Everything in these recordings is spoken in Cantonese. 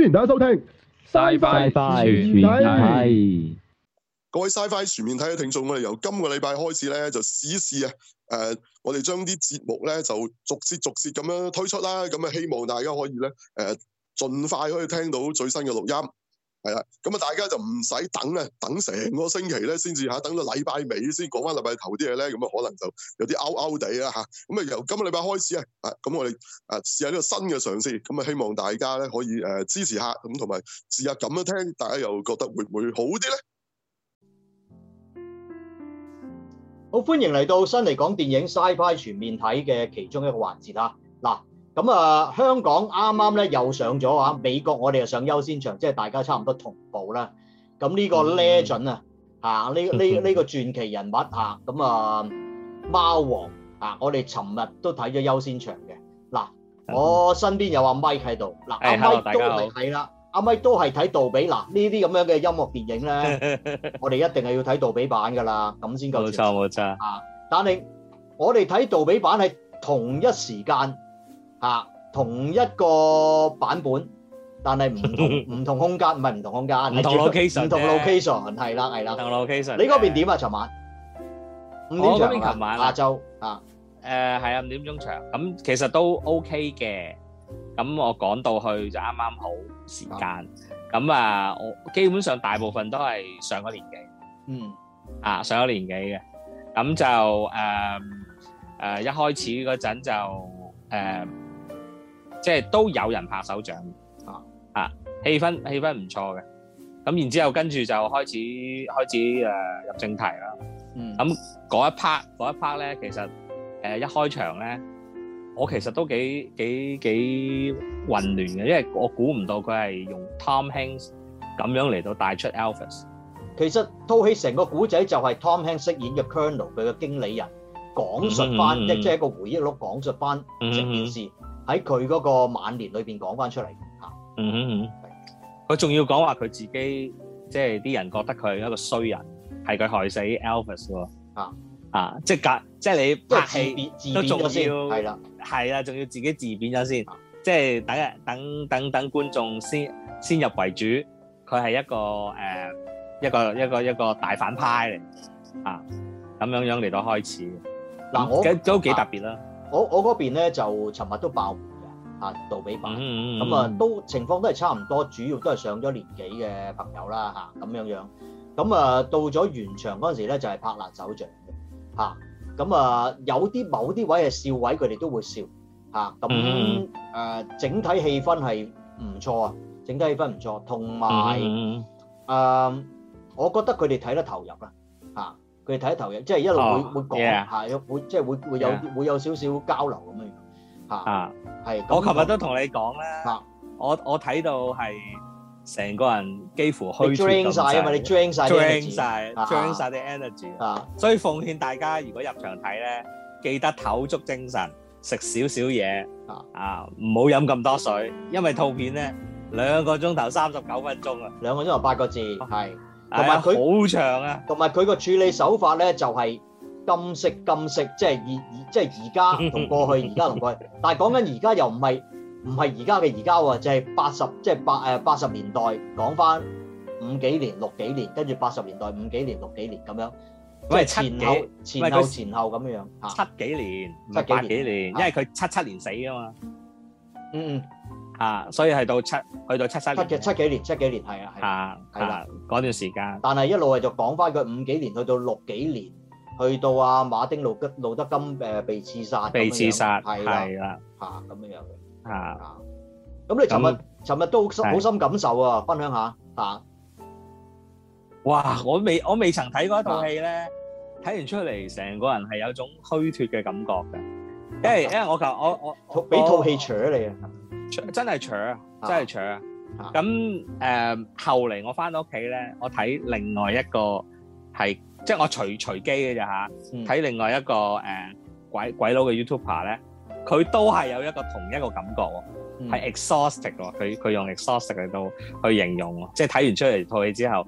歡迎大家收聽 SciFi 全面睇，各位 SciFi 全面睇嘅聽眾，我哋由今個禮拜開始咧就試一試啊，誒、呃，我哋將啲節目咧就逐節逐節咁樣推出啦，咁啊，希望大家可以咧誒、呃，盡快可以聽到最新嘅錄音。係啦，咁啊大家就唔使等咧，等成個星期咧，先至吓，等到禮拜尾先講翻禮拜頭啲嘢咧，咁啊可能就有啲拗拗地啊吓，咁啊由今個禮拜開始啊，咁我哋啊試下呢個新嘅嘗試，咁啊希望大家咧可以誒支持下，咁同埋試下咁樣聽，大家又覺得會唔會好啲咧？好歡迎嚟到辛尼講電影 SciFi 全面睇嘅其中一個環節啊，嗱。咁啊，香港啱啱咧又上咗啊！美國我哋又上優先場，即係大家差唔多同步啦。咁呢個 Legend、嗯、啊，嚇呢呢呢個傳奇人物啊，咁啊貓王啊，我哋尋日都睇咗優先場嘅嗱、啊。我身邊有阿 Mike 喺度嗱，阿 Mike 都係啦，阿 Mike 都係睇杜比嗱呢啲咁樣嘅音樂電影咧， 我哋一定係要睇杜比版噶啦，咁先夠。冇錯冇錯啊！但係我哋睇杜比版係同一時間。啊，同一個版本，但係唔同唔同空間，唔係唔同空間，唔同 location，唔同 location，係啦係啦，唔同 location。你嗰邊點啊？尋晚五點鐘，邊琴晚亞洲啊？誒係啊，五點鐘場，咁其實都 OK 嘅。咁我趕到去就啱啱好時間。咁啊，我基本上大部分都係上咗年紀，嗯，啊上咗年紀嘅，咁就誒誒一開始嗰陣就誒。即係都有人拍手掌，啊啊！氣氛氣氛唔錯嘅，咁然之後跟住就開始開始誒入正題啦。嗯，咁嗰一 part 嗰一 part 咧，其實誒一開場咧，我其實都幾幾幾混亂嘅，因為我估唔到佢係用 Tom Hanks 咁樣嚟到帶出 Elvis。其實套戲成個故仔就係 Tom Hanks 飾演嘅 Colonel 佢嘅經理人，講述翻即即係一個回憶錄，講述翻成件事。喺佢嗰個晚年裏邊講翻出嚟嚇，嗯哼哼，佢、嗯、仲、嗯、要講話佢自己，即係啲人覺得佢係一個衰人，係佢害死 Elvis 喎，啊啊，即係隔，即係你拍戲、啊、都仲要，咗係啦，係啦，仲、啊、要自己自變咗先，啊、即係等，等等等觀眾先先入為主，佢係一個誒、uh, 一個一個一個，一個大反派嚟，啊咁樣樣嚟到開始，嗱、啊、都幾特別啦。啊啊。我我嗰邊咧就尋日都爆滿嘅，嚇杜比版，咁啊都情況都係差唔多，主要都係上咗年紀嘅朋友啦，嚇咁樣樣，咁、就是、啊到咗完場嗰陣時咧就係拍爛手掌嘅，嚇咁啊有啲某啲位係笑位，佢哋都會笑，嚇咁誒整體氣氛係唔錯啊、呃，整體氣氛唔錯，同埋誒我覺得佢哋睇得投入啦，嚇、啊。佢睇投嘅，即係一路會會講，係會即係會會有會有少少交流咁樣樣，嚇係。我琴日都同你講咧，我我睇到係成個人幾乎虛脫咁，因為你 drain 曬 drain 曬 drain 曬啲 energy 啊，所以奉勸大家如果入場睇咧，記得唞足精神，食少少嘢啊啊，唔好飲咁多水，因為套片咧兩個鐘頭三十九分鐘啊，兩個鐘頭八個字係。同埋佢好長啊！同埋佢個處理手法咧，就係今昔今昔，即係而而即係而家同過去，而家同過去。但係講緊而家又唔係唔係而家嘅而家喎，就係八十即係八誒八十年代，講返五幾年六幾年，跟住八十年代五幾年六幾年咁樣，即係前後前後前後咁樣，七幾年，唔係八幾年，七幾年，因為佢七七年死啊嘛，嗯。啊，所以係到七，去到七七年，七嘅七幾年，七幾年係啊，係啦，嗰段時間。但係一路係就講翻佢五幾年，去到六幾年，去到阿馬丁路吉路德金誒被刺殺，被刺殺，係啦，係啦，吓咁樣樣，吓。咁你尋日尋日都好深感受啊，分享下吓。哇！我未我未曾睇過一套戲咧，睇完出嚟，成個人係有種虛脫嘅感覺嘅。因為因為我求我我俾套戲除咗你啊。真係扯，真係扯。咁、oh. 誒、呃、後嚟我翻到屋企咧，我睇另外一個即係我隨隨機嘅咋嚇，睇、mm. 另外一個誒、呃、鬼鬼佬嘅 YouTuber 咧，佢都係有一個同一個感覺，係、mm. exhausted 喎。佢佢用 exhausted 嚟到去形容，即係睇完出嚟套戲之後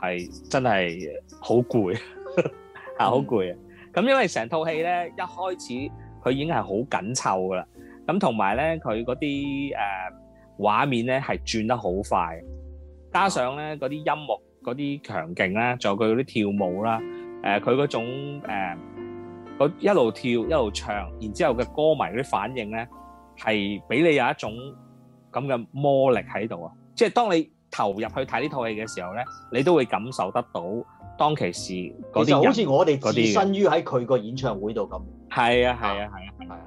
係真係好攰啊，好攰啊。咁因為成套戲咧一開始佢已經係好緊湊噶啦。咁同埋咧，佢嗰啲誒畫面咧係轉得好快，加上咧嗰啲音樂嗰啲強勁啦，仲有佢嗰啲跳舞啦，誒佢嗰種誒、呃、一路跳一路唱，然之後嘅歌迷嗰啲反應咧，係俾你有一種咁嘅魔力喺度啊！即係當你投入去睇呢套戲嘅時候咧，你都會感受得到當其時嗰啲，好似我哋置身於喺佢個演唱會度咁。係啊，係啊，係啊，係啊！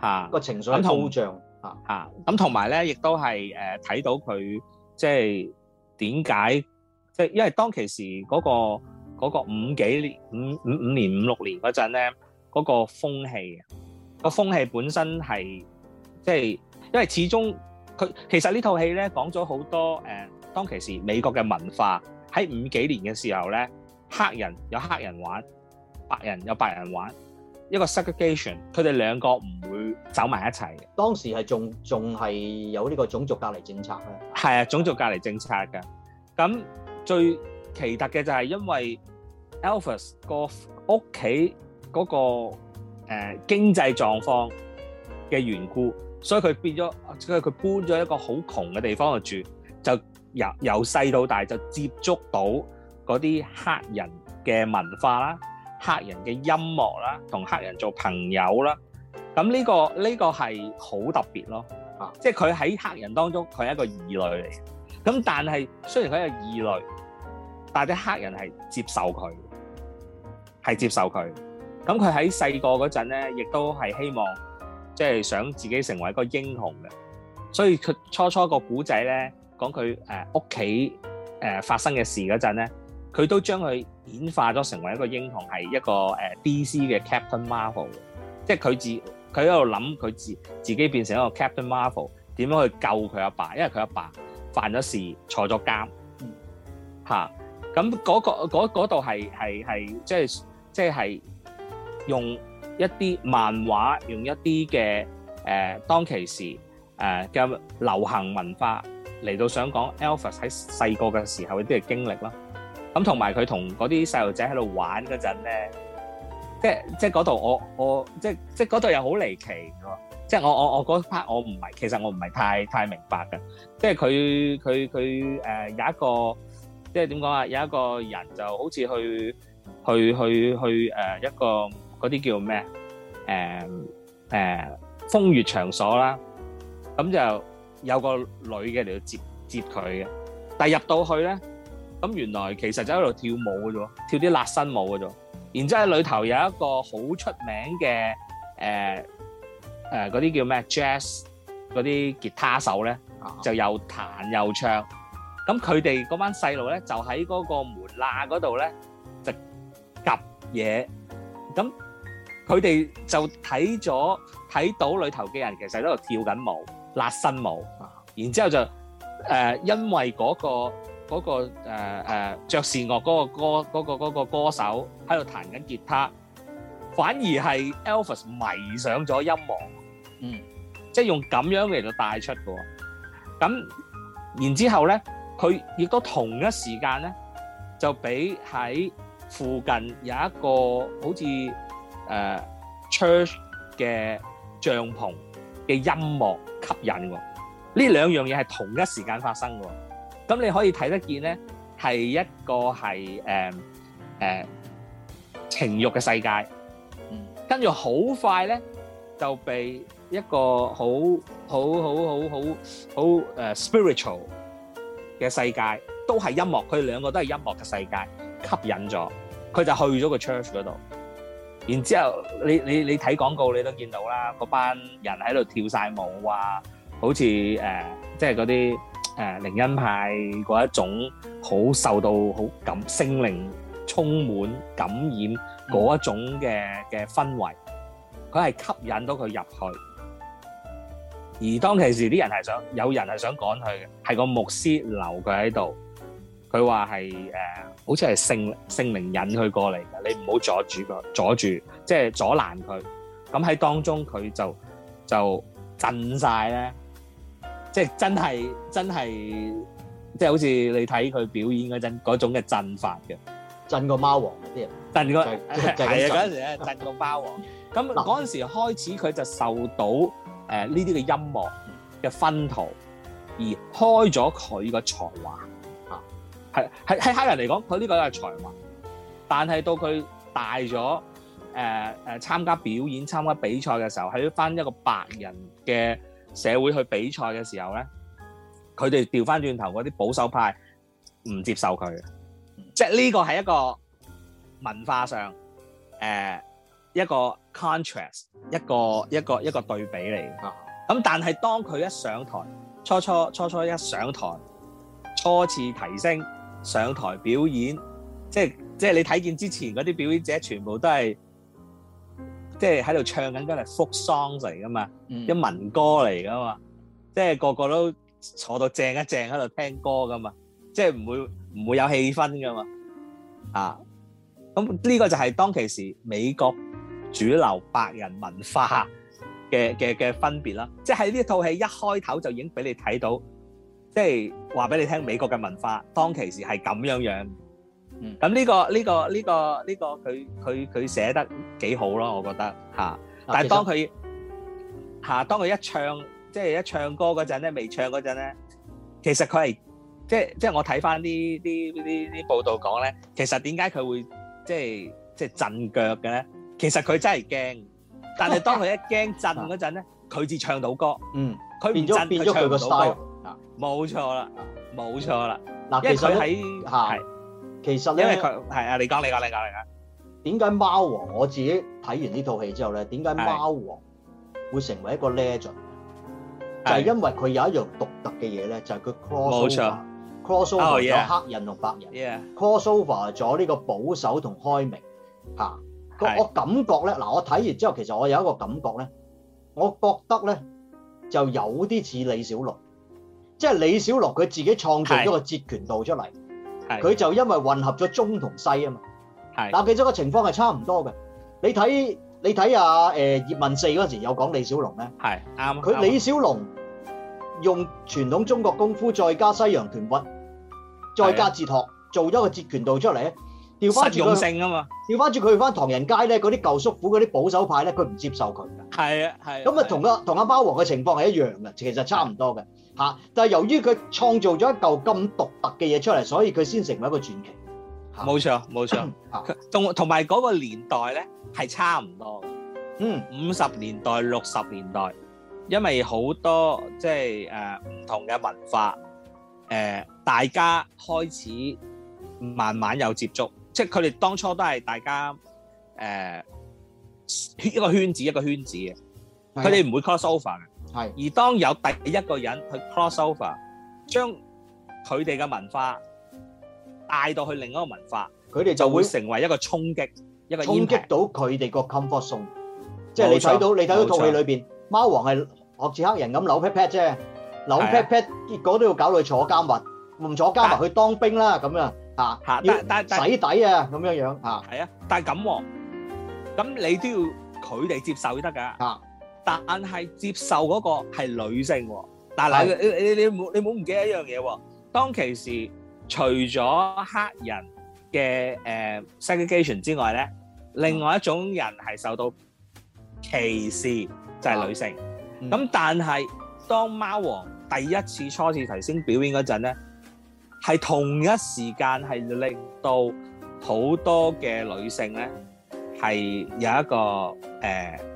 嚇個情緒很抽象嚇嚇，咁同埋咧，亦都係誒睇到佢即係點解，即係因為當其時嗰個嗰個五幾年五五五年五六年嗰陣咧，嗰個風氣個風氣本身係即係因為始終佢其實呢套戲咧講咗好多誒、呃，當其時美國嘅文化喺五幾年嘅時候咧，黑人有黑人玩，白人有白人玩。一個 segregation，佢哋兩個唔會走埋一齊嘅。當時係仲仲係有呢個種族隔離政策嘅，係啊，種族隔離政策嘅。咁最奇特嘅就係因為 Elvis 個屋企嗰個誒經濟狀況嘅緣故，所以佢變咗，所以佢搬咗一個好窮嘅地方去住，就由由細到大就接觸到嗰啲黑人嘅文化啦。客人嘅音樂啦，同客人做朋友啦，咁呢個呢個係好特別咯，啊！即係佢喺客人當中，佢係一個異類嚟。咁但係雖然佢係異類，但係啲客人係接受佢，係接受佢。咁佢喺細個嗰陣咧，亦都係希望即係想自己成為一個英雄嘅，所以佢初初個古仔咧講佢誒屋企誒發生嘅事嗰陣咧。佢都將佢演化咗成為一個英雄，係一個誒 DC 嘅 Captain Marvel。即係佢自佢喺度諗，佢自自己變成一個 Captain Marvel 點樣去救佢阿爸，因為佢阿爸犯咗事坐咗監嚇。咁嗰個嗰嗰度係係係即係即係用一啲漫畫，用一啲嘅誒當其時誒嘅流行文化嚟到想講，Elvis 喺細個嘅時候一啲嘅經歷咯。咁同埋佢同嗰啲細路仔喺度玩嗰陣咧，即係即係嗰度我我即即係嗰度又好離奇喎，即係我我我嗰 part 我唔係其實我唔係太太明白嘅，即係佢佢佢誒有一個即係點講啊，有一個人就好似去去去去誒一個嗰啲叫咩啊誒誒風月場所啦，咁就有個女嘅嚟到接接佢嘅，但係入到去咧。咁原來其實就喺度跳舞嘅啫，跳啲辣身舞嘅啫。然之後喺裏頭有一個好出名嘅誒誒嗰啲叫咩 Jazz 嗰啲吉他手咧，就又彈又唱。咁佢哋嗰班細路咧，就喺嗰個門罅嗰度咧，就夾嘢。咁佢哋就睇咗睇到裏頭嘅人其實喺度跳緊舞，辣身舞。然之後就誒，因為嗰個。嗰個誒誒爵士樂嗰個歌嗰個嗰個歌手喺度彈緊吉他，反而係 Elvis 迷上咗音樂，嗯，即係用咁樣嚟到帶出嘅喎。咁然之後咧，佢亦都同一時間咧，就俾喺附近有一個好似誒 church 嘅帳篷嘅音樂吸引喎。呢兩樣嘢係同一時間發生嘅喎。咁你可以睇得見咧，係一個係誒、呃呃、情欲嘅世界，跟住好快咧就被一個好好好好好好 spiritual 嘅世界，都係音樂，佢哋兩個都係音樂嘅世界吸引咗，佢就去咗個 church 嗰度。然之後你你你睇廣告，你，你，告你都見到啦，嗰班人喺度跳晒舞啊，好似誒、呃、即係嗰啲。誒、靈恩派嗰一種好受到好感聖靈充滿感染嗰一種嘅、嘅氛圍，佢係吸引到佢入去。而當其時啲人係想有人係想趕佢嘅，係個牧師留佢喺度。佢話係誒，好似係聖聖靈引佢過嚟嘅，你唔好阻住佢，阻住即係阻攔佢。咁喺當中佢就就震曬咧。即係真係真係，即係好似你睇佢表演嗰種嘅震法嘅，震個貓王嗰啲人，震個係啊嗰陣時咧震到貓王。咁嗰陣時開始佢就受到誒呢啲嘅音樂嘅薰陶而開咗佢嘅才華啊。係喺喺黑人嚟講，佢呢個都係才華。但係到佢大咗誒、呃、參加表演、參加比賽嘅時候，喺翻一個白人嘅。社會去比賽嘅時候咧，佢哋調返轉頭嗰啲保守派唔接受佢嘅，即係呢個係一個文化上誒一個 contrast，一個一個一個對比嚟嘅。咁但係當佢一上台，初初初初一上台，初次提升上台表演，即係即係你睇見之前嗰啲表演者全部都係。即係喺度唱緊嗰啲係 folk songs 嚟噶嘛，一、嗯、民歌嚟噶嘛，即、就、係、是、個個都坐到正一正喺度聽歌噶嘛，即係唔會唔會有氣氛噶嘛，啊，咁呢個就係當其時美國主流白人文化嘅嘅嘅分別啦，即係喺呢一套戲一開頭就已經俾你睇到，即係話俾你聽美國嘅文化當其時係咁樣樣。咁、嗯、呢、這個呢、這個呢、這個呢個佢佢佢寫得幾好咯，我覺得嚇、啊。但係當佢嚇、啊、當佢一唱，即、就、係、是、一唱歌嗰陣咧，未唱嗰陣咧，其實佢係即係即係我睇翻啲啲啲啲報道講咧，其實點解佢會即係即係震腳嘅咧？其實佢真係驚，但係當佢一驚震嗰陣咧，佢、啊、至唱到歌。嗯，佢唔震，變咗佢唱唔到歌。啊，冇錯啦，冇錯啦。嗱、啊啊，因為佢喺嚇。啊其實咧，因為佢係啊，你講你講你講你講，點解《貓王》我自己睇完呢套戲之後咧，點解《貓王》會成為一個 legend，就係、是、因為佢有一樣獨特嘅嘢咧，就係、是、佢 crossover，crossover 咗黑人同白人、oh, yeah.，crossover 咗呢個保守同開明，吓、yeah.，我感覺咧，嗱，我睇完之後，其實我有一個感覺咧，我覺得咧就有啲似李小龍，即、就、係、是、李小龍佢自己創造咗個截拳道出嚟。佢就因為混合咗中同西啊嘛，係。嗱，其實個情況係差唔多嘅。你睇你睇下誒葉問四嗰陣時有講李小龍咧，係，啱。佢李小龍用傳統中國功夫再加西洋拳術，再加哲學，做咗個截拳道出嚟咧。掉翻住佢，實用性啊嘛。掉翻住佢翻唐人街咧，嗰啲舊叔父嗰啲保守派咧，佢唔接受佢嘅。係啊，係。咁啊同個同阿貓王嘅情況係一樣嘅，其實差唔多嘅。吓，但係由於佢創造咗一嚿咁獨特嘅嘢出嚟，所以佢先成為一個傳奇。冇錯，冇錯。同同埋嗰個年代咧係差唔多。嗯，五十年代、六十年代，因為好多即係誒唔同嘅文化，誒、呃、大家開始慢慢有接觸，即係佢哋當初都係大家誒、呃、一個圈子一個圈子嘅，佢哋唔會 cross over 嘅。係，而當有第一個人去 cross over，將佢哋嘅文化帶到去另一個文化，佢哋就會成為一個衝擊，一個衝擊到佢哋個 comfort zone。即係你睇到你睇到套戲裏邊，貓王係學似黑人咁扭 pat pat 啫，扭 pat pat，結果都要搞到佢坐監物，唔坐監物去當兵啦咁啊，嚇！要洗底啊咁樣樣嚇。係啊，但係咁喎，咁你都要佢哋接受就得㗎。但係接受嗰個係女性，但係你你你唔好唔記得一樣嘢喎，當其時，除咗黑人嘅誒 segregation 之外咧，另外一種人係受到歧視就係女性。咁但係當貓王第一次初次提升表演嗰陣咧，係同一時間係令到好多嘅女性咧係有一個誒。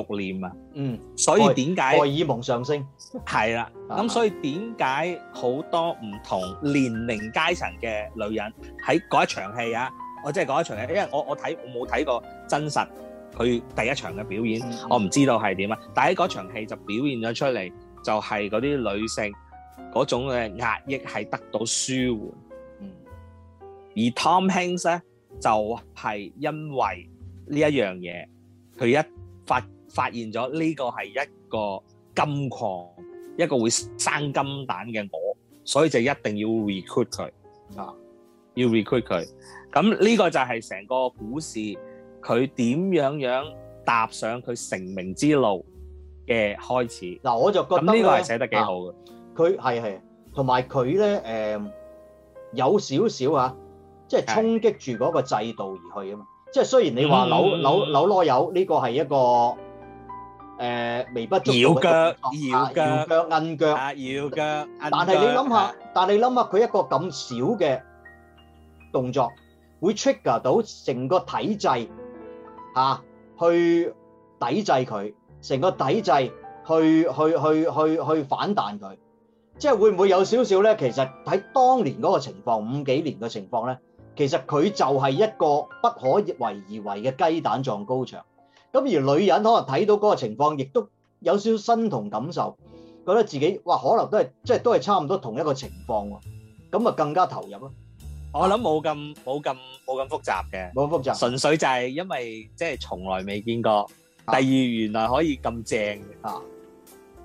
慾念啊，嗯，所以點解荷爾蒙上升？係啦、啊，咁所以點解好多唔同年齡階層嘅女人喺嗰一場戲啊，我即係嗰一場戲，嗯、因為我我睇我冇睇過真實佢第一場嘅表演，嗯、我唔知道係點啊。但喺嗰場戲就表現咗出嚟，就係嗰啲女性嗰種嘅壓抑係得到舒緩。嗯，而 Tom Hanks 咧就係、是、因為呢一樣嘢，佢一發。發現咗呢個係一個金礦，一個會生金蛋嘅鵝，所以就一定要 recruit 佢啊，要 recruit 佢。咁呢個就係成個故事佢點樣樣踏上佢成名之路嘅開始。嗱、啊，我就覺得呢個係寫得幾好嘅。佢係係，同埋佢咧誒有少少呀，即、呃、係、即係、衝擊住嗰個制度而去啊嘛。即係雖然你話扭扭扭攞油呢個係一個。誒微不足道嘅動作，搖腳、搖腳、搖腳，搖腳，但係你諗下，但係你諗下佢一個咁小嘅動作，會 trigger 到成個體制嚇去抵制佢，成個體制去去去去去反彈佢，即係會唔會有少少咧？其實喺當年嗰個情況，五幾年嘅情況咧，其實佢就係一個不可為而為嘅雞蛋撞高牆。咁而女人可能睇到嗰個情況，亦都有少少身同感受，覺得自己哇，可能都係即係都係差唔多同一個情況喎。咁啊，更加投入咯。我諗冇咁冇咁冇咁複雜嘅，冇咁複雜，純粹就係因為即係從來未見過，第二原來可以咁正嘅啊，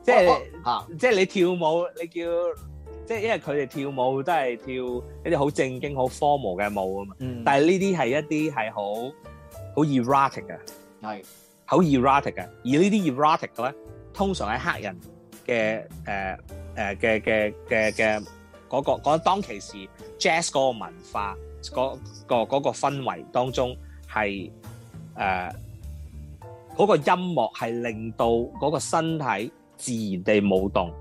即係啊，即係你跳舞，你叫即係因為佢哋跳舞都係跳一啲好正經、好 formal 嘅舞啊嘛。嗯，但係呢啲係一啲係好好 erotic 嘅。係好 erotic 嘅，而呢啲 erotic 嘅咧，通常係黑人嘅誒誒嘅嘅嘅嘅嗰個講當其時 jazz 嗰個文化，嗰個嗰個氛圍當中係誒嗰個音樂係令到嗰個身體自然地舞動，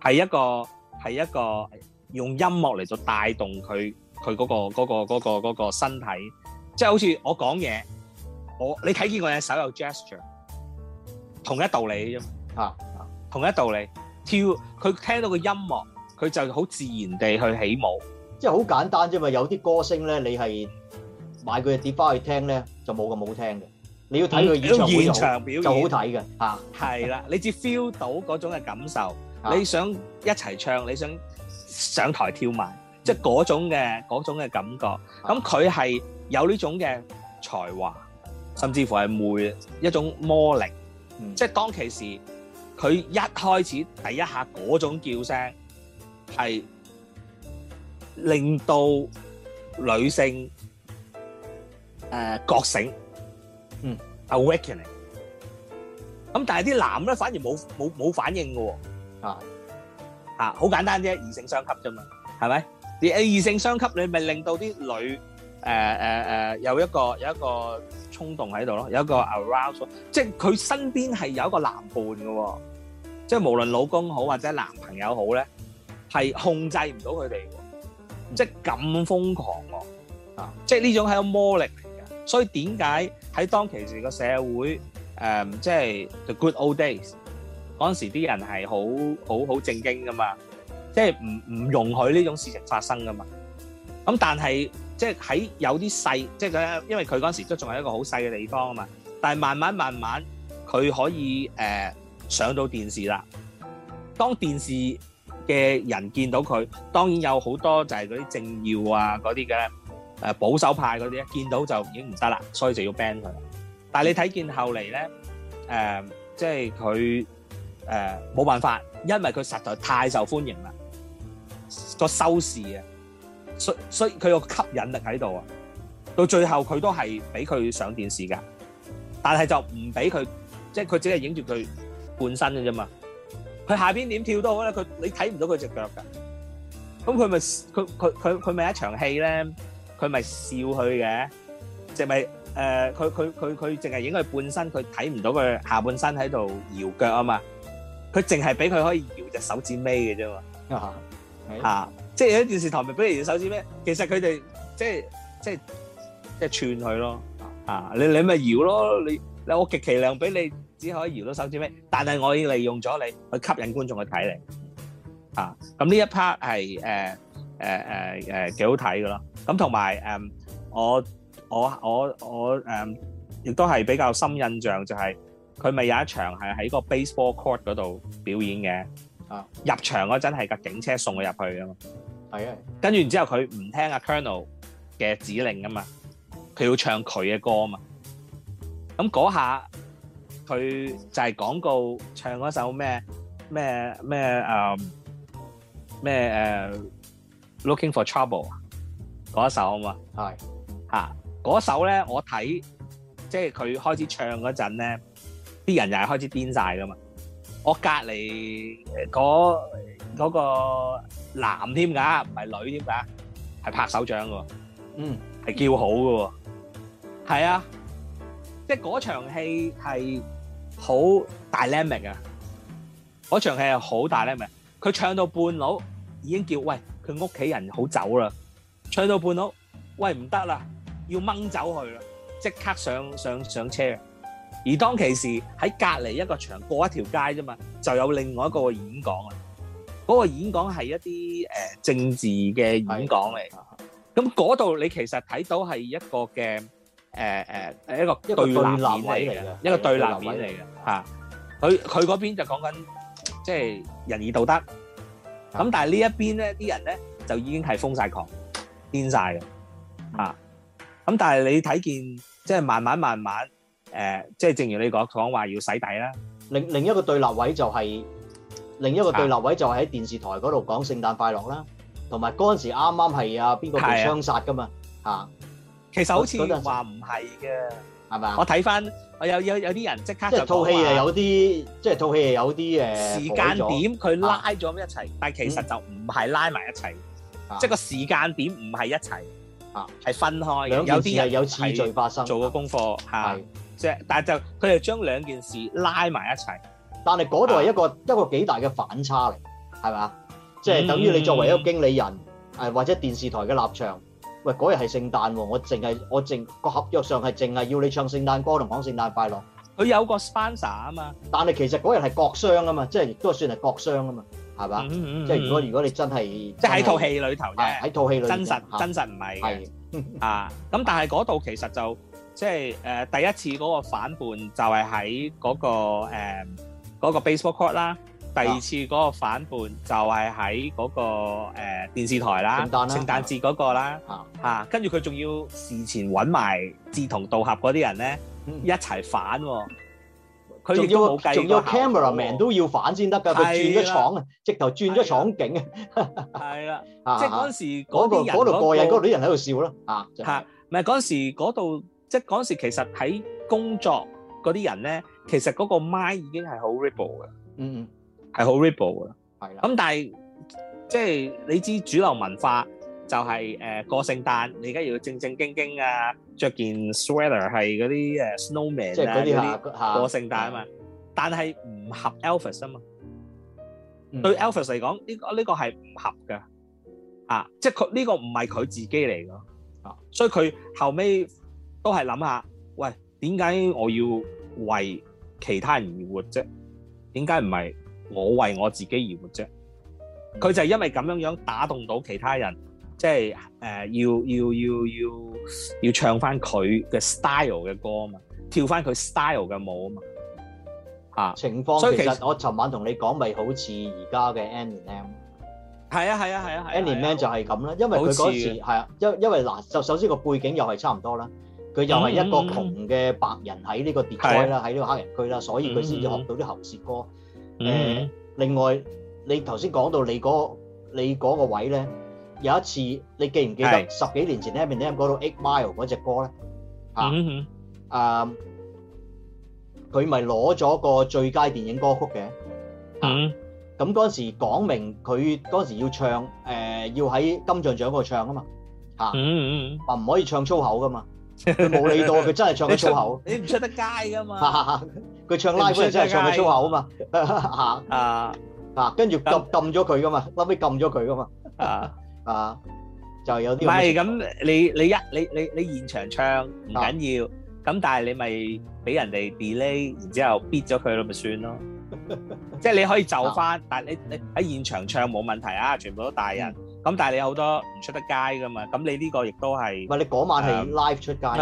係一個係一個用音樂嚟做帶動佢佢嗰個嗰個嗰個嗰個身體，即係好似我講嘢。我你睇見我隻手有 gesture，同一道理啫，嚇，同一道理跳。佢聽到個音樂，佢就好自然地去起舞，即係好簡單啫嘛，有啲歌星咧，你係買佢嘅碟翻去聽咧，就冇咁好聽嘅。你要睇佢現場表演就好睇嘅嚇，係啦，你至 feel 到嗰種嘅感受。你想一齊唱，你想上台跳埋，即係嗰種嘅嗰種嘅感覺。咁佢係有呢種嘅才華。甚至乎係媒一種魔力，即係當其時佢一開始第一下嗰種叫聲係令到女性誒覺醒，嗯，awakening。咁但係啲男咧反而冇冇冇反應嘅喎，啊啊好簡單啫，異性相吸啫嘛，係咪？啲異性相吸你咪令到啲女誒誒誒有一個有一個。衝動喺度咯，有一個 arousal，即係佢身邊係有一個男伴嘅，即係無論老公好或者男朋友好咧，係控制唔到佢哋，即係咁瘋狂喎，啊！即係呢種係個魔力嚟嘅，所以點解喺當其時個社會，誒，即係 the good old days 嗰陣時啲人係好好好正經噶嘛，即係唔唔容許呢種事情發生噶嘛，咁但係。即係喺有啲細，即係佢，因為佢嗰陣時都仲係一個好細嘅地方啊嘛。但係慢慢慢慢，佢可以誒上到電視啦。當電視嘅人見到佢，當然有好多就係嗰啲政要啊、嗰啲嘅誒保守派嗰啲，見到就已經唔得啦，所以就要 ban 佢啦。但係你睇見後嚟咧，誒，即係佢誒冇辦法，因為佢實在太受歡迎啦，個收視啊！所所以佢有吸引力喺度啊，到最後佢都係俾佢上電視噶，但係就唔俾佢，即係佢只係影住佢半身嘅啫嘛。佢下邊點跳都好啦，佢你睇唔到佢隻腳噶。咁佢咪佢佢佢佢咪一場戲咧？佢咪笑佢嘅，淨係誒，佢佢佢佢淨係影佢半身，佢睇唔到佢下半身喺度搖腳啊嘛。佢淨係俾佢可以搖隻手指尾嘅啫嘛。啊，即係喺電視台咪比你隻手指咩？其實佢哋即係即係即係串佢咯，啊！你你咪搖咯，你你我極其量俾你只可以搖到手指咩？但係我已經利用咗你去吸引觀眾去睇你，啊！咁呢一 part 係誒誒誒誒幾好睇噶咯。咁同埋誒我我我我誒亦、呃、都係比較深印象就係佢咪有一場係喺個 baseball court 嗰度表演嘅。入場嗰陣係架警車送佢入去啊嘛，係、哎、啊。跟住然之後佢唔聽阿 Colonel 嘅指令啊嘛，佢要唱佢嘅歌啊嘛。咁嗰下佢就係廣告唱嗰首咩咩咩誒咩誒 Looking for Trouble 嗰一首啊嘛，係吓，嗰首咧我睇即係佢開始唱嗰陣咧，啲人又係開始癲晒噶嘛。我隔離嗰嗰個男添噶，唔係女添噶，係拍手掌嘅，嗯，係叫好嘅，係啊，即係嗰場戲係好 dynamic 啊，嗰場戲係好 dynamic，佢唱到半佬已經叫喂，佢屋企人好走啦，唱到半佬喂唔得啦，要掹走佢啦，即刻上上上,上車。而當其時喺隔離一個場過一條街啫嘛，就有另外一個演講啊！嗰個演講係一啲誒政治嘅演講嚟，咁嗰度你其實睇到係一個嘅誒誒誒一個對立面嚟嘅，一個對立面嚟嘅嚇。佢佢嗰邊就講緊即係仁義道德，咁但係呢一邊咧啲人咧就已經係瘋曬狂癲曬嘅嚇。咁但係你睇見即係慢慢慢慢。誒、呃，即係正如你講講話要洗底啦。另另一個對立位就係、是、另一個對立位就係喺電視台嗰度講聖誕快樂啦。同埋嗰陣時啱啱係啊邊個被槍殺㗎嘛，吓、啊。其實好似話唔係嘅，係嘛、那個？我睇翻，我有有有啲人即刻就套戲、就是、啊，有啲即係套戲啊，有啲誒。時間點佢拉咗一齊，但係其實就唔係拉埋一齊，即、啊、係、啊就是、個時間點唔係一齊，吓係分開。有啲人有次序發生做個功課，係、啊。即係，但係就佢哋將兩件事拉埋一齊，但係嗰度係一個一個幾大嘅反差嚟，係嘛？即係等於你作為一個經理人，誒或者電視台嘅立場，喂，嗰日係聖誕，我淨係我淨個合約上係淨係要你唱聖誕歌同講聖誕快樂，佢有個 sponsor 啊嘛。但係其實嗰日係國殤啊嘛，即係亦都算係國殤啊嘛，係嘛？即係如果如果你真係，即係喺套戲裏頭嘅，喺套戲裏真實真實唔係嘅，啊，咁但係嗰度其實就。即係誒、呃、第一次嗰個反叛就係喺嗰個誒嗰 baseball court 啦，第二次嗰個反叛就係喺嗰個誒、呃、電視台啦，聖誕節嗰個啦嚇、啊啊、跟住佢仲要事前揾埋志同道合嗰啲人咧、嗯，一齊反、啊，佢仲要仲要 camera man 都要反先得㗎，佢轉咗廠啊，直頭轉咗廠景啊，係啦，即係嗰時嗰度過癮嗰啲人喺度笑咯，啊嚇，唔係嗰時嗰度。即係嗰時其實喺工作嗰啲人咧，其實嗰個 mind 已經係好 ripple 嘅，嗯，係好 ripple 嘅，係啦。咁但係即係你知主流文化就係誒過聖誕，你而家要正正經經啊，著件 sweater 係嗰啲誒 snowman，即係嗰啲過聖誕啊嘛。但係唔合 Alfie 啊嘛，對 Alfie 嚟講呢個呢個係唔合嘅啊，即係佢呢個唔係佢自己嚟咯啊，所以佢後尾。都係諗下，喂，點解我要為其他人而活啫？點解唔係我為我自己而活啫？佢就係因為咁樣樣打動到其他人，即係誒、呃，要要要要要唱翻佢嘅 style 嘅歌啊嘛，跳翻佢 style 嘅舞啊嘛，嚇情況。所以其實我尋晚同你講、啊，咪好似而家嘅 Annie Man 係啊係啊係啊係。Annie Man 就係咁啦，因為佢嗰時係啊，因因為嗱，就首先個背景又係差唔多啦。佢又係一個窮嘅白人喺呢個跌災啦，喺呢個黑人區啦，所以佢先至學到啲喉舌歌。誒，另外你頭先講到你嗰你嗰個位咧，有一次你記唔記得十幾年前呢？Eminem 講到 Eight Mile 嗰隻歌咧，嚇啊，佢咪攞咗個最佳電影歌曲嘅。咁嗰時講明佢嗰時要唱，誒，要喺金像獎嗰度唱啊嘛，嚇，話唔可以唱粗口噶嘛。冇 理到，佢真係唱緊粗口。你唔出得街噶嘛？佢 唱 live 真係唱緊粗口啊嘛！啊 啊、uh, 跟住撳咗佢噶嘛，後屘撳咗佢噶嘛。啊、uh, 啊，就係有啲唔係咁，你你一你你你現場唱唔緊要，咁、啊、但係你咪俾人哋 delay，然之後 beat 咗佢咯，咪算咯。即 係你可以就翻、啊，但你你喺現場唱冇問題啊，全部都大人。嗯咁但係你有好多唔出得街噶嘛？咁你呢個亦都係唔係你嗰晚係 live 出街咁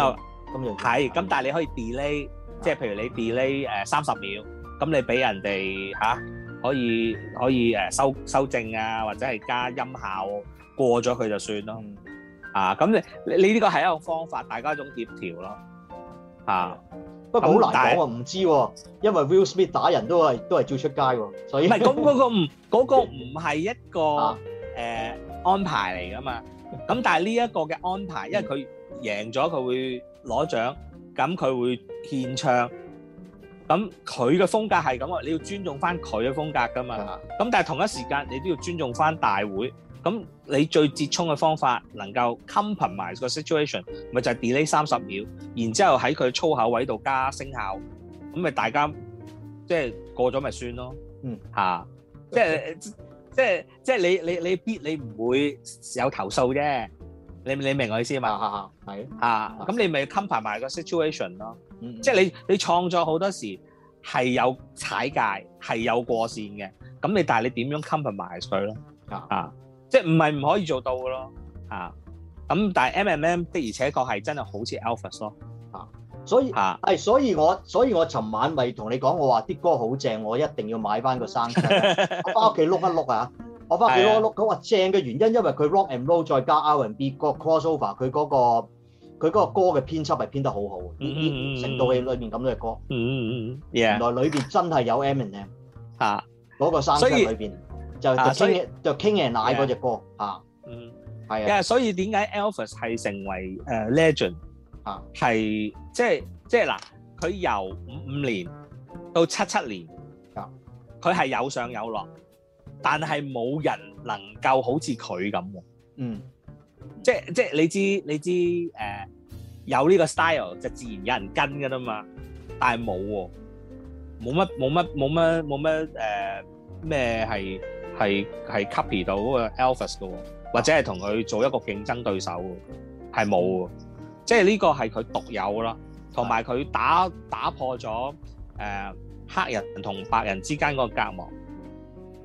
樣？係咁，但係你可以 delay，即係譬如你 delay 誒三十秒，咁你俾人哋嚇可以可以誒修修正啊，或者係加音效過咗佢就算啦。啊，咁你你呢個係一個方法，大家一種協調咯。嚇，不過好難講喎，唔知喎，因為 Will Smith 打人都係都係照出街喎，所以唔係咁，嗰個唔嗰個唔係一個誒。安排嚟噶嘛？咁但係呢一個嘅安排，因為佢贏咗，佢會攞獎，咁佢會獻唱。咁佢嘅風格係咁喎，你要尊重翻佢嘅風格噶嘛？咁但係同一時間，你都要尊重翻大會。咁你最折衷嘅方法，能夠 compromise 埋個 situation，咪就係 delay 三十秒，然之後喺佢粗口位度加聲效。咁咪大家即係過咗咪算咯？嗯，吓、啊，即係。 即係即係你你你必你唔會有投訴啫，你你明我意思嘛？係、嗯、吓，咁、嗯嗯嗯嗯、你咪 compromise 埋個 situation 咯。即係你你創作好多時係有踩界，係有過線嘅。咁你但係你點樣 compromise 埋佢咯？啊，即係唔係唔可以做到嘅咯？啊，咁但係 MMM 的而且確係真係好似 alphas 咯。啊。所以係、啊，所以我所以我尋晚咪同你講，我話啲歌好正，我一定要買返個生， 我返屋企碌一碌啊！我返屋企碌一碌，佢話正嘅原因，因為佢 rock and roll 再加 R and B crossover，那個 crossover，佢嗰個佢嗰個歌嘅編輯係編得好好，啲、嗯、啲成套戲裏面咁多嘅歌、嗯嗯嗯嗯，原來裏邊真係有 Eminem 嚇、啊，嗰、那個生仔裏邊就就 The King 就 The King and I 嗰隻歌嚇，嗯係啊，所以點解 Elvis 係成為誒、uh, legend？啊，係即係即係嗱，佢由五五年到七七年啊，佢係有上有落，但係冇人能夠好似佢咁，嗯，即係即係你知你知誒、呃，有呢個 style 就自然有人跟噶啦嘛，但係冇喎，冇乜冇乜冇乜冇乜誒咩係係係 copy 到個 Elvis 嘅，或者係同佢做一個競爭對手嘅，係冇。即係呢個係佢獨有咯，同埋佢打打破咗誒黑人同白人之間個隔膜，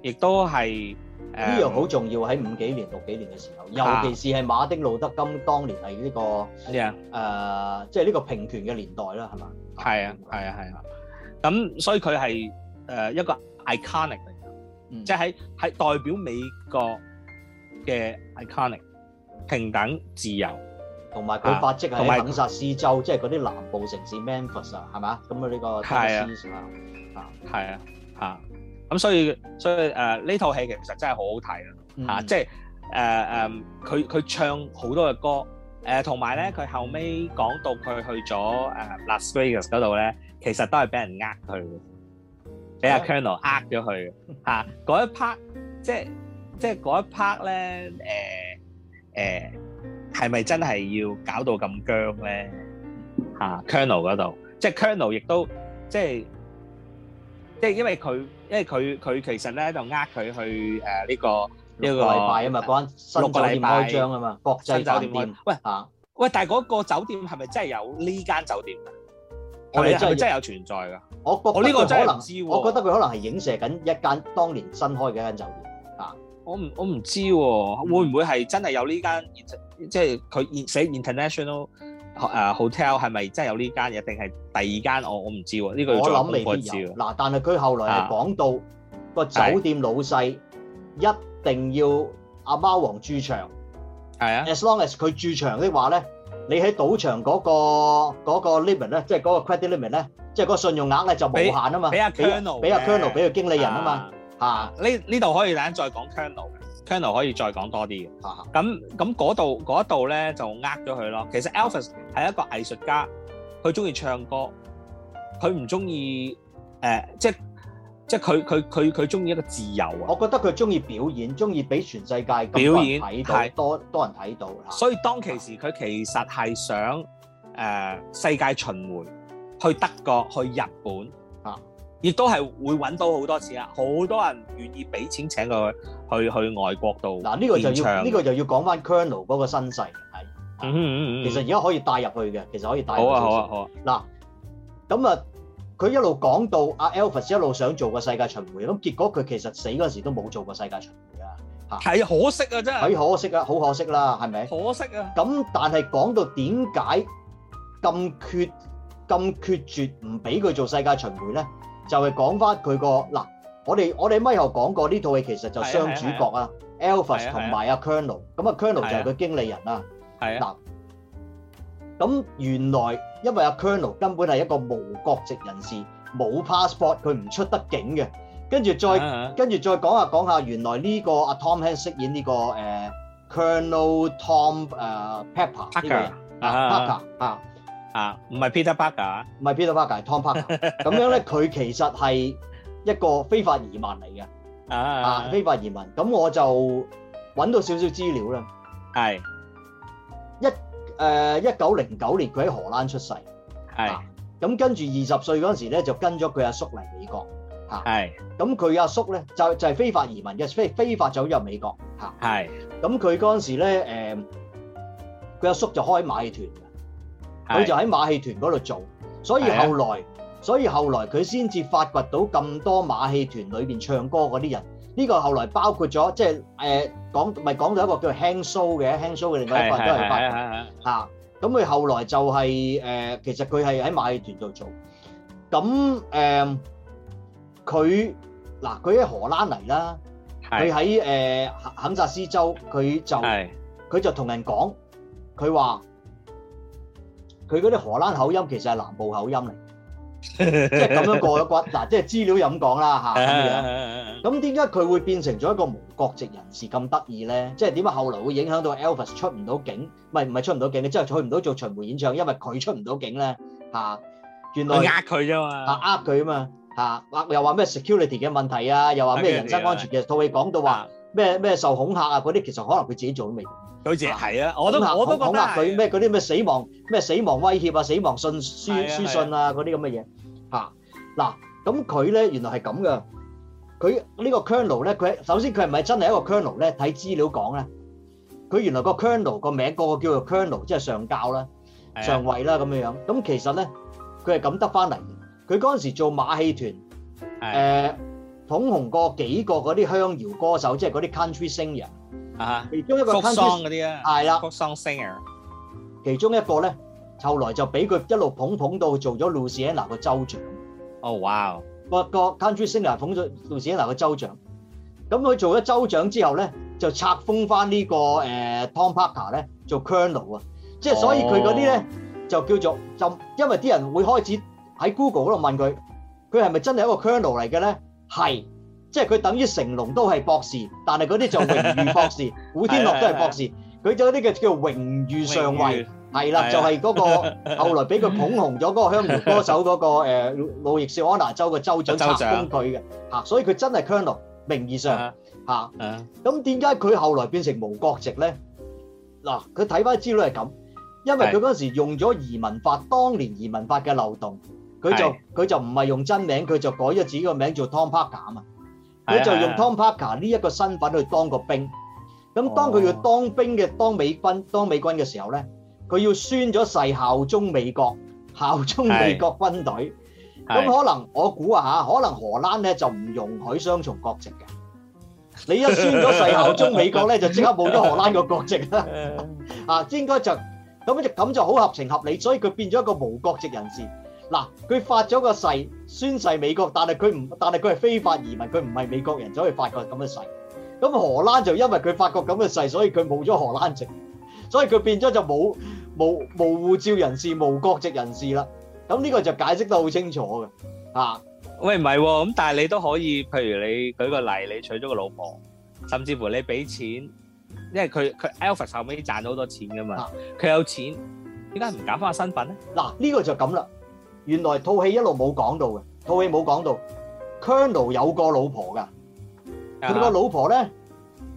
亦都係誒呢樣好重要喺五幾年六幾年嘅時候，尤其是係馬丁路德金當年係呢個咩啊？誒，即係呢個平權嘅年代啦，係嘛？係啊，係啊，係啊，咁所以佢係誒一個 iconic 嚟嘅，即係喺代表美國嘅 iconic 平等自由。同埋佢發跡係行殺斯州，即係嗰啲南部城市 Memphis 啊，係嘛？咁啊呢個 Texas 啊，嚇、啊，係啊嚇。咁、啊、所以所以誒呢套戲其實真係好好睇啊！嚇、嗯，即係誒誒，佢、呃、佢、呃、唱好多嘅歌，誒同埋咧，佢後尾講到佢去咗誒、呃、Las Vegas 嗰度咧，其實都係俾人呃佢嘅，俾阿 Colonel 呃咗佢嘅嚇嗰一 part 即係即係嗰一 part 咧誒誒。係咪真係要搞到咁僵咧？嚇，Colonel 嗰度，即係 Colonel 亦都即係即係因為佢，因為佢佢其實咧就呃佢去誒呢、啊呢個呢個禮拜啊嘛，嗰陣新酒店開張啊嘛六，國際酒店。喂嚇，喂！但係嗰個酒店係咪真係有呢間酒店？係啊，是是真係有存在㗎。我我呢個真係唔知喎。我覺得佢可能係、啊、影射緊一間當年新開嘅一間酒店。我唔我唔知喎，會唔會係真係有呢間？即係佢寫 International 誒 Hotel 係咪真係有呢間？定係第二間？我我唔知喎。呢個我諗未必有。嗱，但係佢後來係講到個酒店老細一定要阿貓王駐場。係啊。As long as 佢駐場的話咧，你喺賭場嗰個嗰個 limit 咧，即係嗰個 credit limit 咧，即係個信用額咧就無限啊嘛。俾俾阿 Colonel，俾阿 Colonel 俾佢經理人啊嘛。嚇、啊！呢呢度可以等一下再講 channel，channel、啊、可以再講多啲嘅。咁咁嗰度嗰度咧就呃咗佢咯。其實 Elvis 係一個藝術家，佢中意唱歌，佢唔中意誒，即即佢佢佢佢中意一個自由。我覺得佢中意表演，中意俾全世界表演睇到，多多人睇到。所以當其時佢其實係想誒、呃、世界巡迴，去德國，去日本，啊亦都係會揾到好多錢啊！好多人願意俾錢請佢去去，去外國度嗱，呢、這個就要呢、這個又要講翻 Colonel 嗰個身世係、嗯嗯嗯。其實而家可以帶入去嘅，其實可以帶入少少。好啊好啊好啊。嗱咁啊，佢、啊、一路講到阿 Elvis 一路想做個世界巡迴，咁結果佢其實死嗰時都冇做過世界巡迴啊。嚇，係可惜啊，真係可惜啊，好可惜啦、啊，係咪？可惜啊。咁但係講到點解咁決咁決絕唔俾佢做世界巡迴咧？就係講翻佢個嗱，我哋我哋咪後講過呢套戲其實就雙主角啊，Elvis 同埋阿 Colonel，咁啊 Colonel 就係佢經理人啦。係啊。嗱，咁原來因為阿 Colonel 根本係一個無國籍人士，冇 passport 佢唔出得境嘅，跟住再跟住再講下講下，原來呢個阿 Tom Hanks 飾演呢個誒 Colonel Tom 誒 Parker。Parker 啊。啊，唔係 Peter Parker，唔、啊、係 Peter Parker，係 Tom Parker。咁 樣咧，佢其實係一個非法移民嚟嘅。啊， 非法移民。咁我就揾到少少資料啦。係。一誒一九零九年，佢喺荷蘭出世。係。咁、啊、跟住二十歲嗰時咧，就跟咗佢阿叔嚟美國。嚇、啊。係。咁佢阿叔咧，就就係、是、非法移民嘅，非非法走入美國。嚇、啊。係。咁佢嗰陣時咧，誒、呃，佢阿叔，叔就開馬戲團。佢就喺馬戲團嗰度做，所以後來，所以後來佢先至發掘到咁多馬戲團裏邊唱歌嗰啲人。呢個後來包括咗，即係誒講咪講到一個叫 Hank Snow 嘅 Hank Snow 嘅另外一個都係發掘嘅。咁佢後來就係誒，其實佢係喺馬戲團度做。咁誒，佢嗱佢喺荷蘭嚟啦，佢喺誒肯肯薩斯州，佢就佢就同人講，佢話。佢嗰啲荷蘭口音其實係南部口音嚟，即係咁樣過咗骨。嗱，即係資料又咁講啦嚇。咁點解佢會變成咗一個無國籍人士咁得意咧？即係點解後來會影響到 Elvis 出唔到境？唔係唔係出唔到境，你即係去唔到做巡迴演唱，因為佢出唔到境咧嚇。原來呃佢啫嘛嚇呃佢啊嘛嚇，又話咩 security 嘅問題啊，又話咩人身安全嘅，套戲講到話咩咩受恐嚇啊嗰啲，其實可能佢自己做都未。佢自己係啊，我都我都講壓佢咩啲咩死亡咩死亡威脅啊，死亡信書書信啊嗰啲咁嘅嘢嚇嗱，咁佢咧原來係咁嘅。佢、這個、呢個 colonel 咧，佢首先佢係唔係真係一個 colonel 咧？睇資料講咧，佢原來個 colonel 個名個個叫做 colonel，即係上校啦、啊、上尉啦咁樣樣。咁其實咧，佢係咁得翻嚟嘅。佢嗰陣時做馬戲團，誒、啊呃、捧紅過幾個嗰啲鄉謠歌手，即係嗰啲 country singer。啊，其中一個 country 嗰啲啦，係啦，country singer。其中一個咧，後來就俾佢一路捧捧到做咗 Louisiana 個州長。哦，哇！個個 country singer 捧咗 Louisiana 個州長。咁佢做咗州長之後咧，就冊封翻呢個誒 Tom Parker 咧做 Colonel 啊。即係所以佢嗰啲咧就叫做就，因為啲人會開始喺 Google 嗰度問佢，佢係咪真係一個 Colonel 嚟嘅咧？係。即係佢等於成龍都係博士，但係嗰啲就榮譽博士。古天樂都係博士，佢就嗰啲叫叫榮譽上位係啦，就係嗰個後來俾佢捧紅咗嗰個香港歌手嗰個誒魯魯易斯安娜州嘅州長冊封佢嘅嚇，所以佢真係 Colonel 名義上嚇。咁點解佢後來變成無國籍咧？嗱，佢睇翻資料係咁，因為佢嗰時用咗移民法，當年移民法嘅漏洞，佢就佢就唔係用真名，佢就改咗自己個名做 Tom Parker 啊。佢就用 Tom Parker 呢一個身份去當個兵，咁當佢要當兵嘅當美軍，當美軍嘅時候咧，佢要宣咗誓效忠美國，效忠美國軍隊。咁可能我估下，可能荷蘭咧就唔容許雙重國籍嘅。你一宣咗誓效忠美國咧，就即刻冇咗荷蘭個國籍啦。啊，應該就咁就咁就好合情合理，所以佢變咗一個無國籍人士。嗱，佢發咗個誓宣誓美國，但係佢唔，但係佢係非法移民，佢唔係美國人，所以發個咁嘅誓。咁荷蘭就因為佢發個咁嘅誓，所以佢冇咗荷蘭籍，所以佢變咗就冇冇冇護照人士，冇國籍人士啦。咁呢個就解釋得好清楚嘅。啊，喂唔係喎，咁但係你都可以，譬如你舉個例，你娶咗個老婆，甚至乎你俾錢，因為佢佢 Elvis 後尾賺咗好多錢噶嘛，佢有錢，點解唔改翻個身份咧？嗱，啊，呢個就咁啦。原來套戲一路冇講到嘅，套戲冇講到，Colonel 有個老婆㗎，佢個老婆咧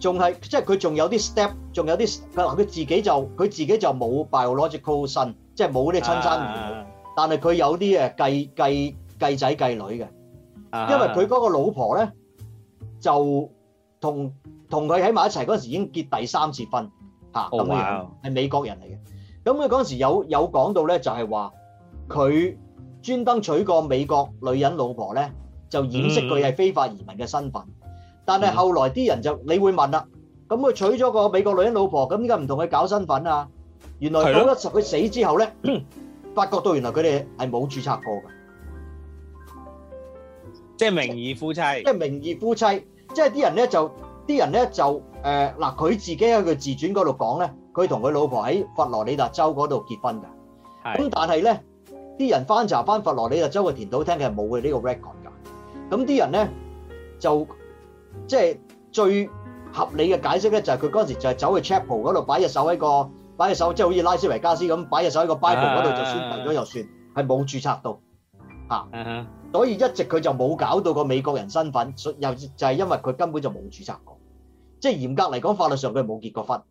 仲係即係佢仲有啲 step，仲有啲佢佢自己就佢自己就冇 biological son，即係冇啲親生，但係佢有啲誒繼繼繼仔繼女嘅，因為佢嗰個老婆咧就同同佢喺埋一齊嗰時已經結第三次婚，吓咁樣係美國人嚟嘅，咁佢嗰陣時有有講到咧就係話佢。專登娶個美國女人老婆咧，就掩飾佢係非法移民嘅身份。但係後來啲人就，你會問啦，咁佢娶咗個美國女人老婆，咁點解唔同佢搞身份啊？原來好屈十，佢死之後咧，發覺到原來佢哋係冇註冊過嘅，即係名義夫妻。即係名義夫妻，即係啲人咧就，啲人咧就，誒嗱，佢自己喺佢自傳嗰度講咧，佢同佢老婆喺佛羅里達州嗰度結婚㗎。咁但係咧。啲人們翻查翻佛羅里達州嘅填表聽，嘅係冇嘅呢個 record 㗎。咁啲人咧就即係最合理嘅解釋咧，就係佢嗰時就係走去 chapel 嗰度擺隻手喺個，擺隻手，即係好似拉斯維加斯咁擺隻手喺個 bible 嗰度、uh -huh. 就算誓咗又算，係冇註冊到嚇。Uh -huh. 所以一直佢就冇搞到個美國人身份，又就係因為佢根本就冇註冊過。即係嚴格嚟講，法律上佢冇結過婚。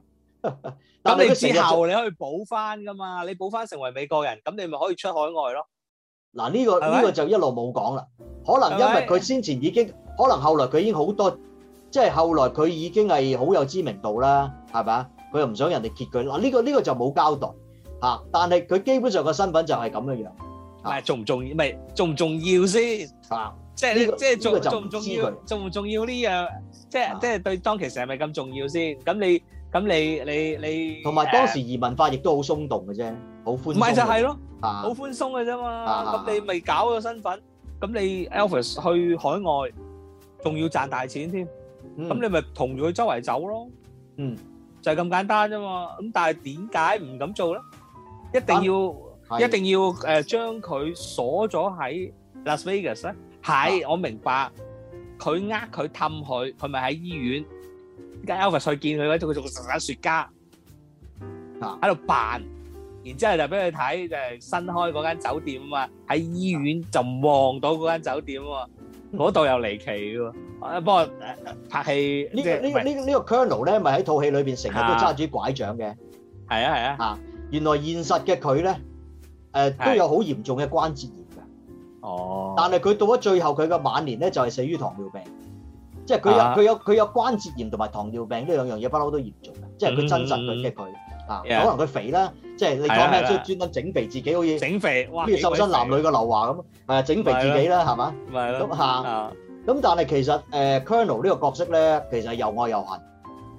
咁你之後你可以補翻噶嘛？你補翻成為美國人，咁你咪可以出海外咯。嗱呢個呢個就一路冇講啦。可能因為佢先前已經，可能後來佢已經好多，即係後來佢已經係好有知名度啦，係嘛？佢又唔想人哋揭佢嗱，呢個呢個就冇交代吓。但係佢基本上個身份就係咁嘅樣，係重唔重要？咪重唔重要先吓？即係呢個即係重唔重要？重唔重要呢樣？即係即係對當期成係咪咁重要先？咁你？咁你你你，同埋當時移民法亦都好鬆動嘅啫，好寬唔係就係咯，好寬鬆嘅啫嘛。咁你咪搞個身份，咁你 Elvis 去海外仲要賺大錢添，咁你咪同佢周圍走咯。嗯，就係咁簡單啫嘛。咁但係點解唔咁做咧？一定要一定要誒將佢鎖咗喺 Las Vegas 咧。係，我明白佢呃佢氹佢，佢咪喺醫院。間 Elvis 再見佢咧，佢仲成日雪茄，啊喺度扮，然之後就俾佢睇就係、是、新開嗰間酒店啊嘛，喺醫院就望到嗰間酒店喎，嗰度又離奇喎、 這個這個，不過拍戲呢個呢呢個 Colonel 咧，咪喺套戲裏邊成日都揸住啲拐杖嘅，係啊係啊，啊原來現實嘅佢咧，誒、呃、都有好嚴重嘅關節炎㗎，哦，但係佢到咗最後佢嘅晚年咧就係、是、死於糖尿病。即係佢有佢、啊、有佢有關節炎同埋糖尿病呢兩樣嘢，不嬲都嚴重嘅。即係佢真實嘅佢、嗯、啊，可能佢肥啦。即係你講咩即要專登整肥自己，好似整肥，好似瘦身男女嘅劉華咁啊，整肥自己啦，係、啊、嘛？咪咁嚇咁，但係其實誒，Colonel 呢個角色咧，其實又愛又恨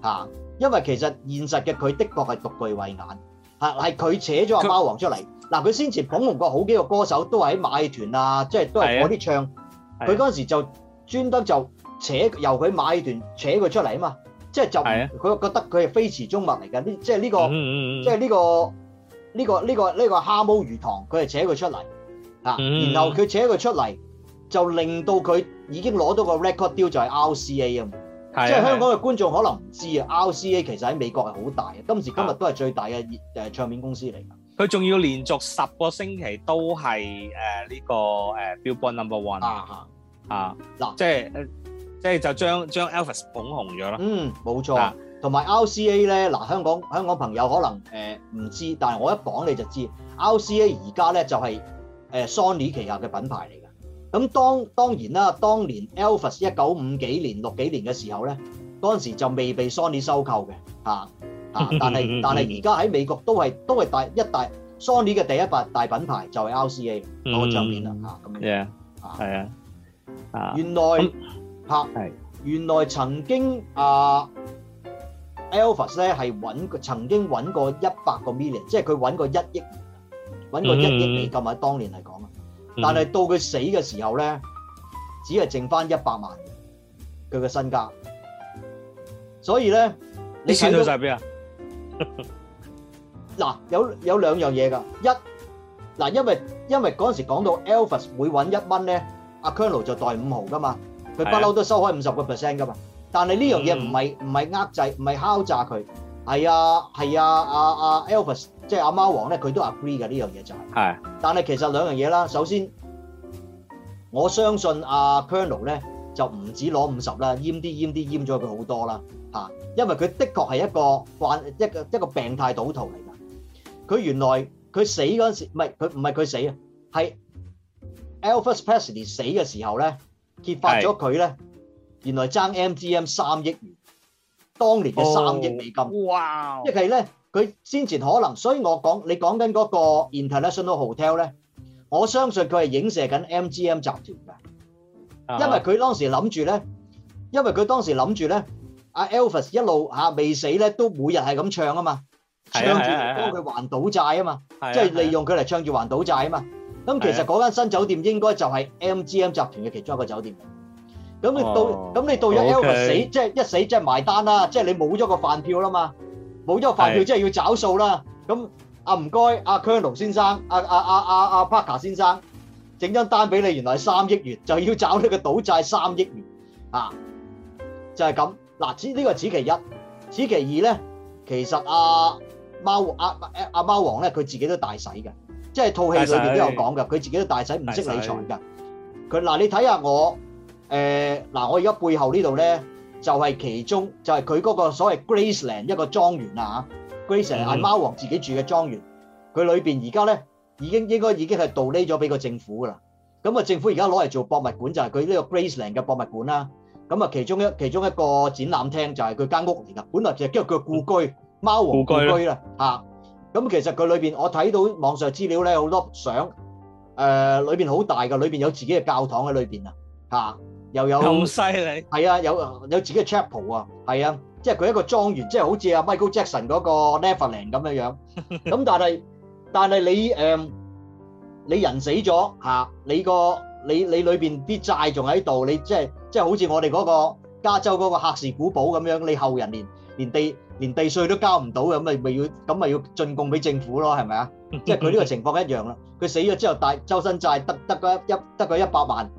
嚇、啊，因為其實現實嘅佢的確係獨具慧眼，係係佢扯咗阿貓王出嚟嗱。佢先前捧紅過好幾個歌手，都係喺馬戲團啊，即係都係嗰啲唱。佢嗰陣時就專登就。扯由佢買一段扯佢出嚟啊嘛，即係就佢、啊、覺得佢係非池中物嚟嘅。呢即係呢、呢個，嗯嗯、即係呢、呢個呢、呢個呢、呢個呢、這個、這個、蝦毛魚塘，佢係扯佢出嚟啊、嗯，然後佢扯佢出嚟，就令到佢已經攞到個 record deal 就係 RCA 是啊，嘛。即係香港嘅觀眾可能唔知啊，啊，RCA 其實喺美國係好大嘅，今時今日都係最大嘅誒唱片公司嚟㗎。佢仲要連續十個星期都係誒呢個誒、呃、billboard number one 啊，嗱、啊啊嗯，即係誒。即係就將將 Elvis 捧紅咗咯。嗯，冇錯。同埋 RCA 咧，嗱香港香港朋友可能誒唔知，但係我一講你就知。RCA 而家咧就係誒 Sony 旗下嘅品牌嚟嘅。咁當當然啦，當年 Elvis 一九五幾年六幾年嘅時候咧，嗰陣時就未被 Sony 收購嘅嚇嚇。但係但係而家喺美國都係都係大一大 Sony 嘅第一大大品牌就係 RCA 攞個唱片啦嚇。咁樣啊係啊啊原來。拍係，原來曾經阿 Elvis 咧，係揾過曾經揾過一百個 million，即係佢揾過一億揾過一億美金喺當年嚟講啊。但係到佢死嘅時候咧，只係剩翻一百萬佢個身價，所以咧你睇到曬邊啊？嗱，有有兩樣嘢㗎。一，嗱，因為因為嗰陣時講到 Elvis 會揾一蚊咧，阿 Colonel 就代五毫㗎嘛。佢不嬲都收開五十個 percent 噶嘛，但係呢樣嘢唔係唔係呃制，唔係敲詐佢，係啊係啊啊啊，阿 Elvis 即係阿貓王咧，佢都 agree 嘅呢樣嘢就係。係，但係其實兩樣嘢啦，首先我相信阿 Colonel 咧就唔止攞五十啦，閹啲閹啲閹咗佢好多啦，吓，因為佢的確係一個患一個一個病態賭徒嚟噶，佢原來佢死嗰陣時唔係佢唔係佢死啊，係 Elvis Presley 死嘅時候咧。揭發咗佢咧，原來爭 MGM 三億元，當年嘅三億美金。哇！即係咧，佢先前可能，所以我講你講緊嗰個 International Hotel 咧，我相信佢係影射緊 MGM 集團嘅，因為佢當時諗住咧，因為佢當時諗住咧，阿 Elvis 一路嚇未死咧，都每日係咁唱啊嘛，唱住嚟幫佢還賭債啊嘛，即係利用佢嚟唱住還賭債啊嘛。咁其實嗰間新酒店應該就係 MGM 集團嘅其中一個酒店。咁你到，咁你到咗 Elvis 死，即係一死即係埋單啦，即係你冇咗個飯票啦嘛，冇咗個飯票即係要找數啦。咁啊唔該，阿 Colonel 先生，阿阿阿阿阿 Parker 先生，整張單俾你，原來係三億元，就要找呢個賭債三億元啊，就係咁。嗱，此呢個係此其一，此其二咧，其實阿貓阿阿貓王咧，佢自己都大洗嘅。即係套戲裏邊都有講嘅，佢自己都大使唔識理財嘅。佢嗱，你睇下我誒嗱、呃，我而家背後呢度咧，就係、是、其中就係佢嗰個所謂 Graceland 一個莊園啦嚇。Graceland、啊、係、嗯、貓王自己住嘅莊園，佢裏邊而家咧已經應該已經係盜匿咗俾個政府㗎啦。咁啊，政府而家攞嚟做博物館就係佢呢個 Graceland 嘅博物館啦。咁啊，其中一其中一個展覽廳就係佢間屋嚟嘅，本來就係叫做佢故居、嗯、貓王故居啦嚇。咁其實佢裏邊我睇到網上資料咧，好多相，誒裏邊好大噶，裏邊有自己嘅教堂喺裏邊啊，嚇又有咁犀利？係啊，有有自己嘅 chapel 啊，係啊，即係佢一個莊園，即係好似阿 Michael Jackson 嗰個 Neverland 咁樣樣，咁但係但係你誒你人死咗嚇，你個你你裏邊啲債仲喺度，你即係即係好似我哋嗰個加州嗰個赫氏古堡咁樣，你後人連連地。連地稅都交唔到咁咪咪要咁咪要進貢俾政府咯，係咪啊？即係佢呢個情況一樣啦。佢死咗之後，大周身債得得嗰一得嗰一百萬，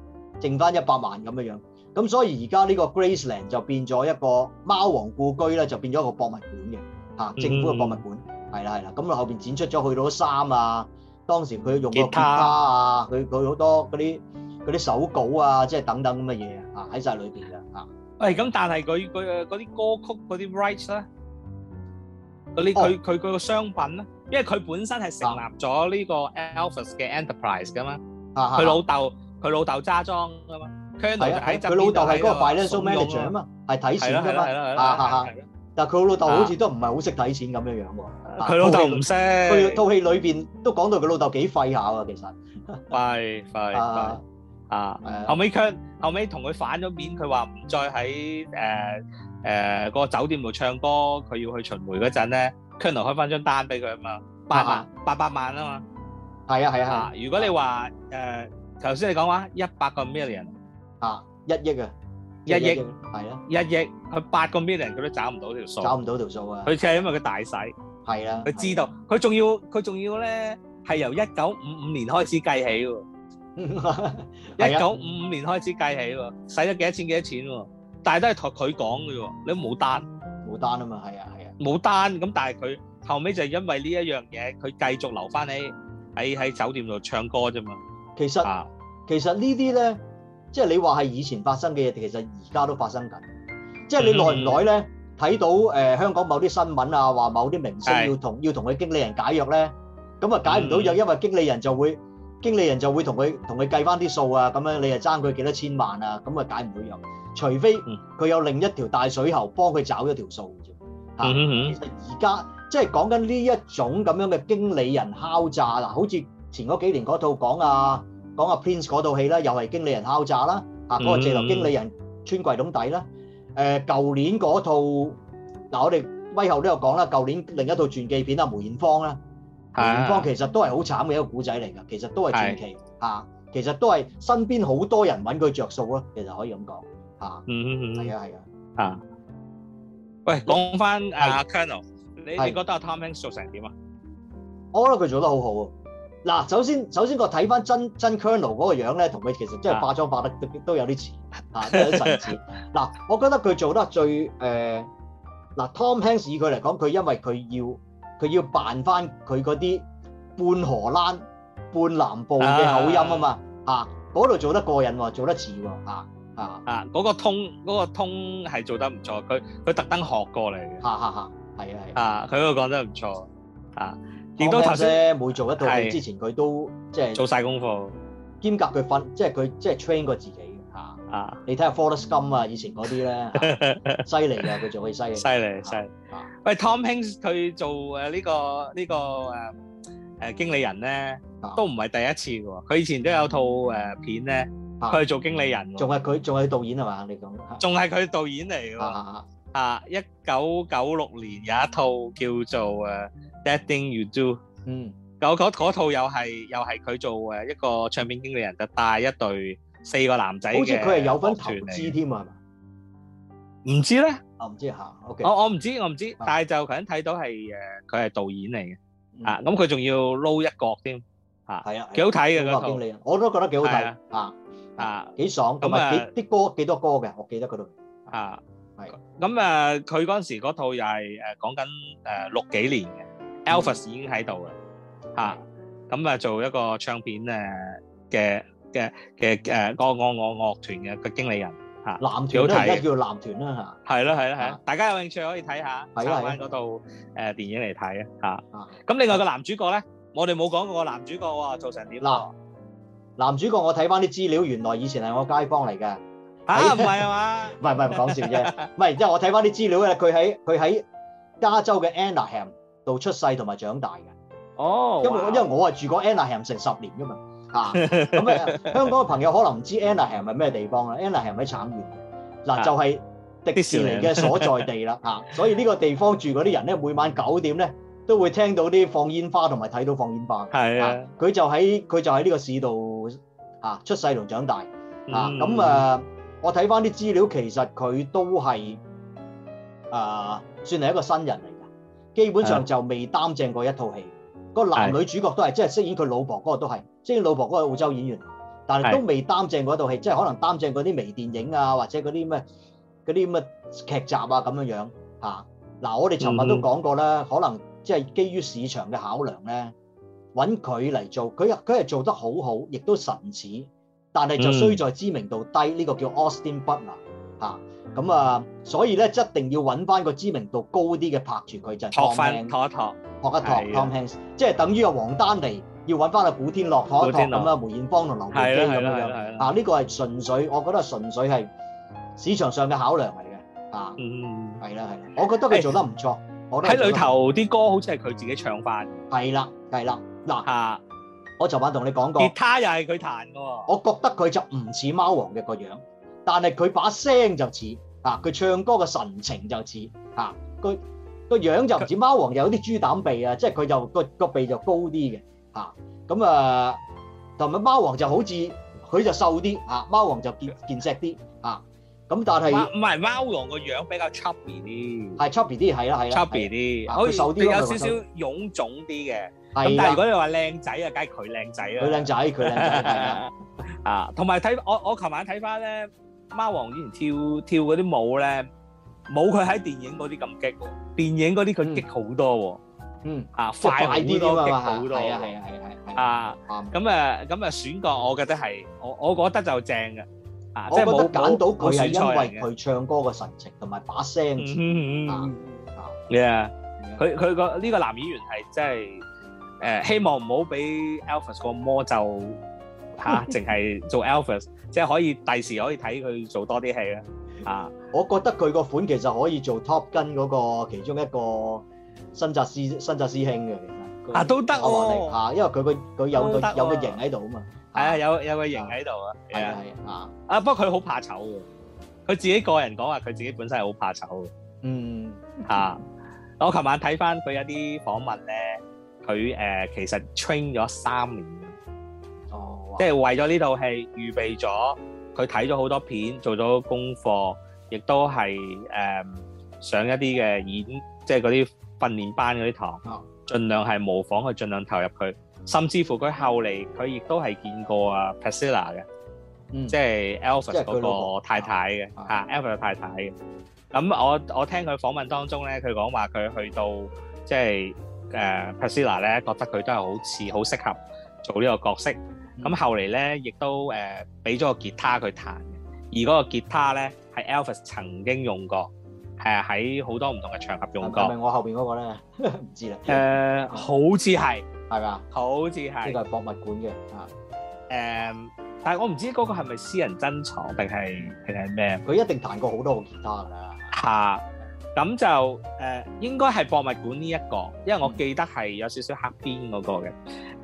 剩翻一百萬咁樣樣。咁所以而家呢個 Graceland 就變咗一個貓王故居咧，就變咗一個博物館嘅嚇，政府嘅博物館。係啦係啦，咁後邊展出咗佢嗰啲衫啊，當時佢用過吉他啊，佢佢好多嗰啲嗰啲手稿啊，即係等等咁嘅嘢啊喺曬裏邊嘅嚇。喂，咁但係佢佢誒嗰啲歌曲嗰啲 rights 咧？佢佢佢個商品咧，因為佢本身係成立咗呢個 Elvis 嘅 Enterprise 噶嘛，佢老豆佢老豆揸莊噶嘛，係啊，佢老豆係嗰個 financial manager 啊嘛，係睇錢噶嘛，啊哈哈，但係佢老豆好似都唔係好識睇錢咁樣樣喎，佢老豆唔識，佢套戲裏邊都講到佢老豆幾廢下喎，其實廢廢。啊！後尾佢後尾同佢反咗面，佢話唔再喺誒誒個酒店度唱歌，佢要去巡迴嗰陣呢 Colonel 開翻張單俾佢啊嘛，八萬、啊、八百萬啊嘛，係啊係啊，啊。如果你話誒頭先你講話一百個 million 啊一億啊一億係啊一億佢八、啊啊啊、個 million 佢都找唔到條數，找唔到條數啊！佢就係因為佢大使。係啊，佢知道佢仲、啊、要佢仲要咧係由一九五五年開始計起喎。一九五五年開始計起喎，使咗幾多錢幾多錢喎，但係都係托佢講嘅喎，你冇單冇單啊嘛，係啊係啊，冇單，咁但係佢後尾就因為呢一樣嘢，佢繼續留翻你喺喺酒店度唱歌啫嘛。其實其實呢啲咧，即係你話係以前發生嘅嘢，其實而家都發生緊。即係你耐唔耐咧睇到誒香港某啲新聞啊，話某啲明星要同要同佢經理人解約咧，咁啊解唔到約，因為經理人就會。經理人就會同佢同佢計翻啲數啊，咁樣你係爭佢幾多千萬啊？咁啊解唔會有，除非佢有另一條大水喉幫佢找咗條數啫。嚇，其實而家即係講緊呢一種咁樣嘅經理人敲詐啦，好似前嗰幾年嗰套講阿講阿 Prince 嗰套戲啦，又係經理人敲詐啦，嚇，嗰個借樓經理人穿櫃桶底啦。誒，舊年嗰套嗱，我哋威後都有講啦，舊年另一套傳記片啊，梅艷芳啦。元芳其實都係好慘嘅一個古仔嚟噶，其實都係傳奇嚇，其實都係、啊、身邊好多人揾佢着數咯，其實可以咁講嚇。嗯嗯，係啊係啊，啊，喂、啊，講翻阿 Colonel，你你覺得阿 Tom Hanks 做成點啊？我覺得佢做得很好好啊。嗱，首先首先我睇翻真真 Colonel 嗰個樣咧，同佢其實真係化妝化得都有啲似嚇，有啲神似。嗱，我覺得佢做得最誒嗱、呃、Tom Hanks 以佢嚟講，佢因為佢要。佢要扮翻佢嗰啲半荷蘭、半南部嘅口音啊嘛，嚇嗰度做得過癮喎，做得似喎，嚇啊嗰、啊嗰個通嗰個通係做得唔錯，佢佢特登學過嚟嘅，哈哈哈，係啊係啊，佢嗰個講得唔錯啊，見到頭先每做一套之前佢都即係做晒功課，兼夾佢瞓，即係佢即係 train 過自己。啊！你睇下 Faulks 金啊，以前嗰啲咧，犀利啊，佢仲可以犀利，犀利犀利。喂，Tom Hanks 佢做誒呢個呢個誒誒經理人咧，都唔係第一次喎。佢以前都有套誒片咧，佢做經理人，仲係佢仲係導演係嘛？你講，仲係佢導演嚟㗎。啊，一九九六年有一套叫做誒 That Thing You Do。嗯，嗱我講嗰套又係又係佢做誒一個唱片經理人就帶一對。四個男仔，好似佢係有份投資添啊？唔知咧，我唔知吓。我我唔知，我唔知。但係就頭先睇到係誒，佢係導演嚟嘅啊。咁佢仲要撈一角添啊。係啊，幾好睇嘅嗰套，我都覺得幾好睇啊啊，幾爽。咁啊，啲歌幾多歌嘅？我記得嗰度啊，係。咁啊，佢嗰陣時嗰套又係誒講緊誒六幾年嘅，Elvis 已經喺度啦吓。咁啊，做一個唱片誒嘅。嘅嘅誒個個個樂團嘅個經理人嚇，男團好睇，叫男團啦嚇，係咯係咯係啊！大家有興趣可以睇下，插翻嗰套誒電影嚟睇啊嚇。咁另外個男主角咧，我哋冇講過個男主角哇做成點啦？男主角我睇翻啲資料，原來以前係我街坊嚟嘅嚇，唔係啊嘛，唔係唔係，唔講笑啫，唔係， 因為我睇翻啲資料咧，佢喺佢喺加州嘅 Anaheim 度出世同埋長大嘅。哦，因為因為我係住過 Anaheim 成十年噶嘛。 啊，咁啊，香港嘅朋友可能唔知 Anaheim 係唔係咩地方啦。Anaheim 係喺橙縣嗱，就係、是、迪士尼嘅所在地啦。 啊，所以呢個地方住嗰啲人咧，每晚九點咧都會聽到啲放煙花同埋睇到放煙花。係啊，啊，佢就喺佢就喺呢個市度啊出世同長大啊。咁啊，我睇翻啲資料，其實佢都係啊，算係一個新人嚟㗎，基本上就未擔正過一套戲。啊、個男女主角都係、啊、即係飾演佢老婆嗰個都係。即係老婆嗰個澳洲演員，但係都未擔正嗰套戲，即係可能擔正嗰啲微電影啊，或者嗰啲咩啲咁嘅劇集啊咁樣樣嚇。嗱、啊，我哋尋日都講過啦，嗯、可能即係基於市場嘅考量咧，揾佢嚟做，佢佢係做得好好，亦都神似，但係就衰在知名度低，呢、嗯、個叫 Austin Butler 咁啊，啊，所以咧一定要揾翻個知名度高啲嘅拍住佢就。託翻託一託，託一託。Tom Hanks，即係等於阿黃丹尼。要揾翻阿古天樂嗰一套咁啊，梅艷芳同劉美君咁樣啊，呢個係純粹，我覺得係純粹係市場上嘅考量嚟嘅啊。嗯，係啦，係啦，我覺得佢做得唔錯。喺裏頭啲歌好似係佢自己唱翻。係啦，係啦。嗱啊，啊，我昨晚同你講過，吉他又係佢彈嘅。我覺得佢就唔似貓王嘅個樣，但係佢把聲就似啊，佢唱歌嘅神情就似啊，個個樣就唔似貓王，有啲豬膽鼻啊，即係佢就個個鼻就高啲嘅。啊，咁啊，同埋貓王就好似佢就瘦啲，啊，貓王就健健碩啲，啊，咁但係唔係貓王個樣比較 chubby 啲，係 chubby 啲，係啦係啦，chubby 啲，以、啊、瘦啲，有少少臃腫啲嘅，咁但係如果你話靚仔啊，梗係佢靚仔啦，佢靚仔，佢靚仔啊，同埋睇我我琴晚睇翻咧，貓王以前跳跳嗰啲舞咧，冇佢喺電影嗰啲咁激，電影嗰啲佢激好多喎、啊。嗯嗯，快點點嗯啊，快啲多啊嘛，係啊係啊係啊，啊咁誒咁誒選角我覺得係，我我覺得就正嘅，啊即係冇冇我覺得揀到佢係因為佢唱歌嘅神情同埋把聲。嗯嗯啊佢佢個呢個男演員係真係誒希望唔好俾 Elvis 個魔咒嚇，淨係做 Elvis，即係可以第時可以睇佢做多啲戲啦。啊，我覺得佢、嗯嗯嗯嗯啊 yeah, yeah. 個、呃啊 Elvis, 啊、個款其實可以做 Top Gun 嗰個其中一個。新澤師新澤師兄嘅其實啊都得哦嚇，因為佢個佢、啊、有個有個型喺度啊嘛，係啊有有個型喺度啊，係啊係啊啊！不過佢好怕醜嘅，佢自己個人講話佢自己本身係好怕醜嘅，嗯嚇。我琴晚睇翻佢一啲訪問咧，佢誒其實 train 咗三年哦，即係、就是、為咗呢套戲預備咗，佢睇咗好多片，做咗功課，亦都係誒、嗯、上一啲嘅演即係嗰啲。就是訓練班嗰啲堂，盡量係模仿佢，盡量投入佢，甚至乎佢後嚟佢亦都係見過啊，Priscilla 嘅，即係 Elvis 嗰個太太嘅嚇 Elvis 嘅太太嘅。咁我我聽佢訪問當中咧，佢講話佢去到即係誒 Priscilla 咧，覺得佢都係好似好適合做呢個角色。咁後嚟咧，亦都誒俾咗個吉他佢彈嘅，而嗰個吉他咧係 Elvis 曾經用過。誒喺好多唔同嘅場合用過，明我後面嗰個咧？唔 知啦。誒、uh,，好似係係㗎，好似係。呢個係博物館嘅啊。Uh, 但我唔知嗰個係咪私人珍藏定係定係咩？佢一定彈過好多個吉他㗎啦。咁、uh, 就誒，uh, 應該係博物館呢、這、一個，因為我記得係有少少黑邊嗰個嘅。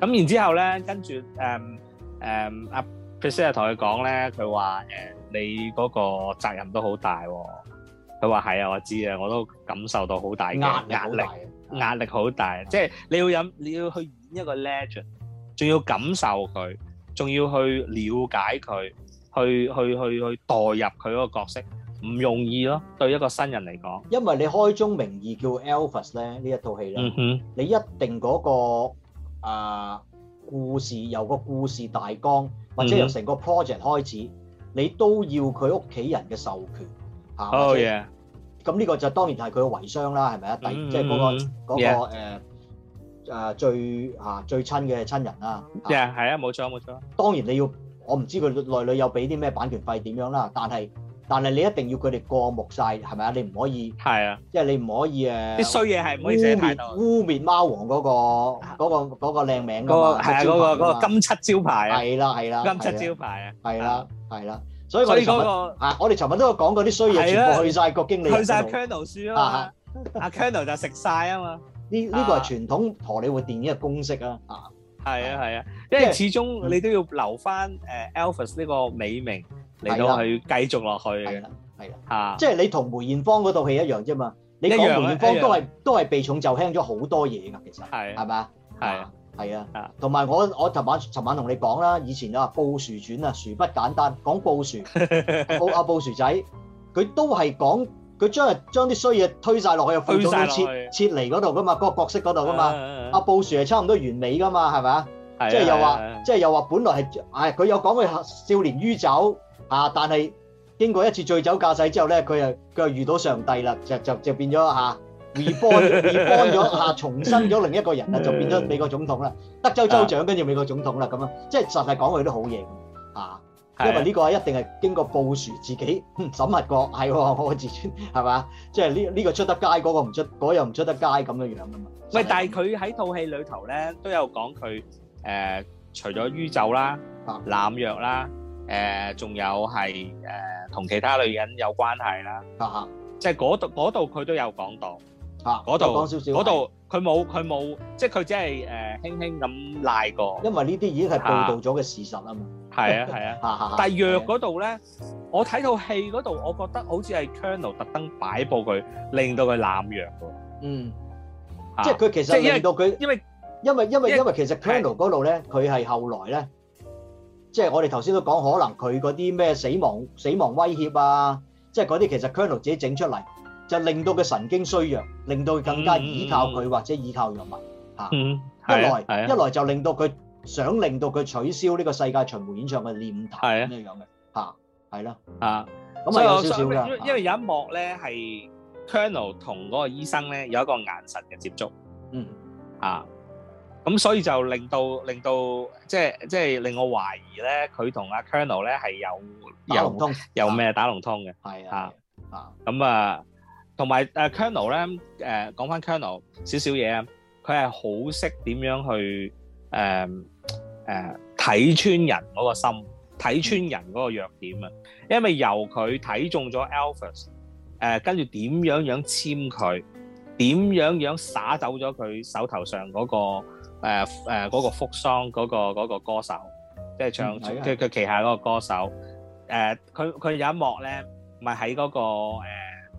咁、嗯、然之後咧，uh, uh, uh, 跟住誒阿 Priscilla 同佢講咧，佢話、uh, 你嗰個責任都好大喎、哦。佢話係啊，我知啊，我都感受到好大嘅壓力，壓力好大，即係你要飲，你要去演一個 legend，仲要感受佢，仲要去了解佢，去去去去代入佢嗰個角色，唔容易咯，對一個新人嚟講。因為你開宗明義叫 Elvis 咧，呢一套戲咧，你一定嗰個啊故事由個故事大綱，或者由成個 project 開始，你都要佢屋企人嘅授權嚇。咁呢個就當然係佢嘅遺孀啦，係咪啊？第即係嗰個嗰個誒誒最啊最親嘅親人啦。啲啊係啊冇錯冇錯。當然你要我唔知佢內裏有俾啲咩版權費點樣啦，但係但係你一定要佢哋過目晒，係咪啊？你唔可以係啊，即係你唔可以誒，啲衰嘢係污蔑污蔑貓王嗰個嗰個嗰個靚名㗎嘛。係啊，嗰個嗰個金漆招牌啊。係啦係啦，金漆招牌啊。係啦係啦。所以我哋尋日啊，我哋尋日都有講過啲衰嘢，全部去晒個經理了去曬 channel 輸啦，channel 就食晒啊嘛。呢呢個係傳統荷李活電影嘅公式啦。啊，係啊係啊，即、這個 啊、因為始終你都要留翻 Elvis 呢個美名嚟到去繼續落去。係啦，即係你同梅艷芳嗰套戲一樣啫嘛。你講梅艷芳都係都係避重就輕咗好多嘢㗎，其實係係嘛係。啊係啊，同埋我我尋晚尋晚同你講啦，以前啊布殊傳啊殊不簡單講布殊布阿布殊仔，佢都係講佢將係將啲衰嘢推曬落去又推曬落去撤撤離嗰度噶嘛，個角色嗰度噶嘛，阿布殊係差唔多完美噶嘛，係咪啊？即係又話即係又話本來係係佢有講佢少年於酒啊，但係經過一次醉酒駕駛之後咧，佢又佢又遇到上帝啦，就就就變咗嚇。reborn，reborn 咗下，重生咗另一個人啦，就變咗美國總統啦，德州州長跟住美國總統啦，咁樣，即係實係講佢都好嘢，嚇，因為呢個一定係經過布殊自己審察過，係我嘅自尊，係嘛？即係呢呢個出得街，嗰個唔出，嗰又唔出得街咁嘅樣啊嘛。喂，但係佢喺套戲裏頭咧都有講佢誒，除咗酗酒啦、濫藥啦，誒仲有係誒同其他女人有關係啦，即係嗰度嗰度佢都有講到。嗰度講少少，嗰度佢冇佢冇，即係佢只係、呃、輕輕咁賴過。因為呢啲已經係報道咗嘅事實啊嘛。係啊係啊，嚇、啊啊 啊啊、但係藥嗰度咧，我睇套戲嗰度，我覺得好似係 Colonel 特登擺佈佢，令到佢濫藥㗎。嗯，啊、即係佢其實令到佢，因為因為因為因為其實 Colonel 嗰度咧，佢係、啊、後來咧，即、就、係、是、我哋頭先都講，可能佢嗰啲咩死亡死亡威脅啊，即係嗰啲其實 Colonel 自己整出嚟。就令到佢神經衰弱，令到佢更加依靠佢、嗯、或者依靠藥物嚇、嗯。一來一來就令到佢想令到佢取消呢個世界巡迴演唱嘅念頭咁嘅樣嘅嚇，係咯啊。咁啊有少少㗎。因為有一幕咧係 Colonel 同嗰個醫生咧有一個眼神嘅接觸。嗯啊，咁所以就令到令到即係即係令我懷疑咧，佢同阿 Colonel 咧係有有有咩打龍通嘅。係啊啊咁啊。啊啊啊同埋誒 Colonel 咧誒講翻 Colonel 少少嘢啊，佢係好識點樣去誒誒睇穿人嗰個心，睇穿人嗰個弱點啊！因為由佢睇中咗 Elvis 誒，跟住點樣樣簽佢，點樣樣耍走咗佢手頭上嗰個誒誒嗰個 folk song 嗰個嗰個歌手，即係唱佢佢旗下嗰個歌手誒，佢佢有一幕咧，咪喺嗰個誒。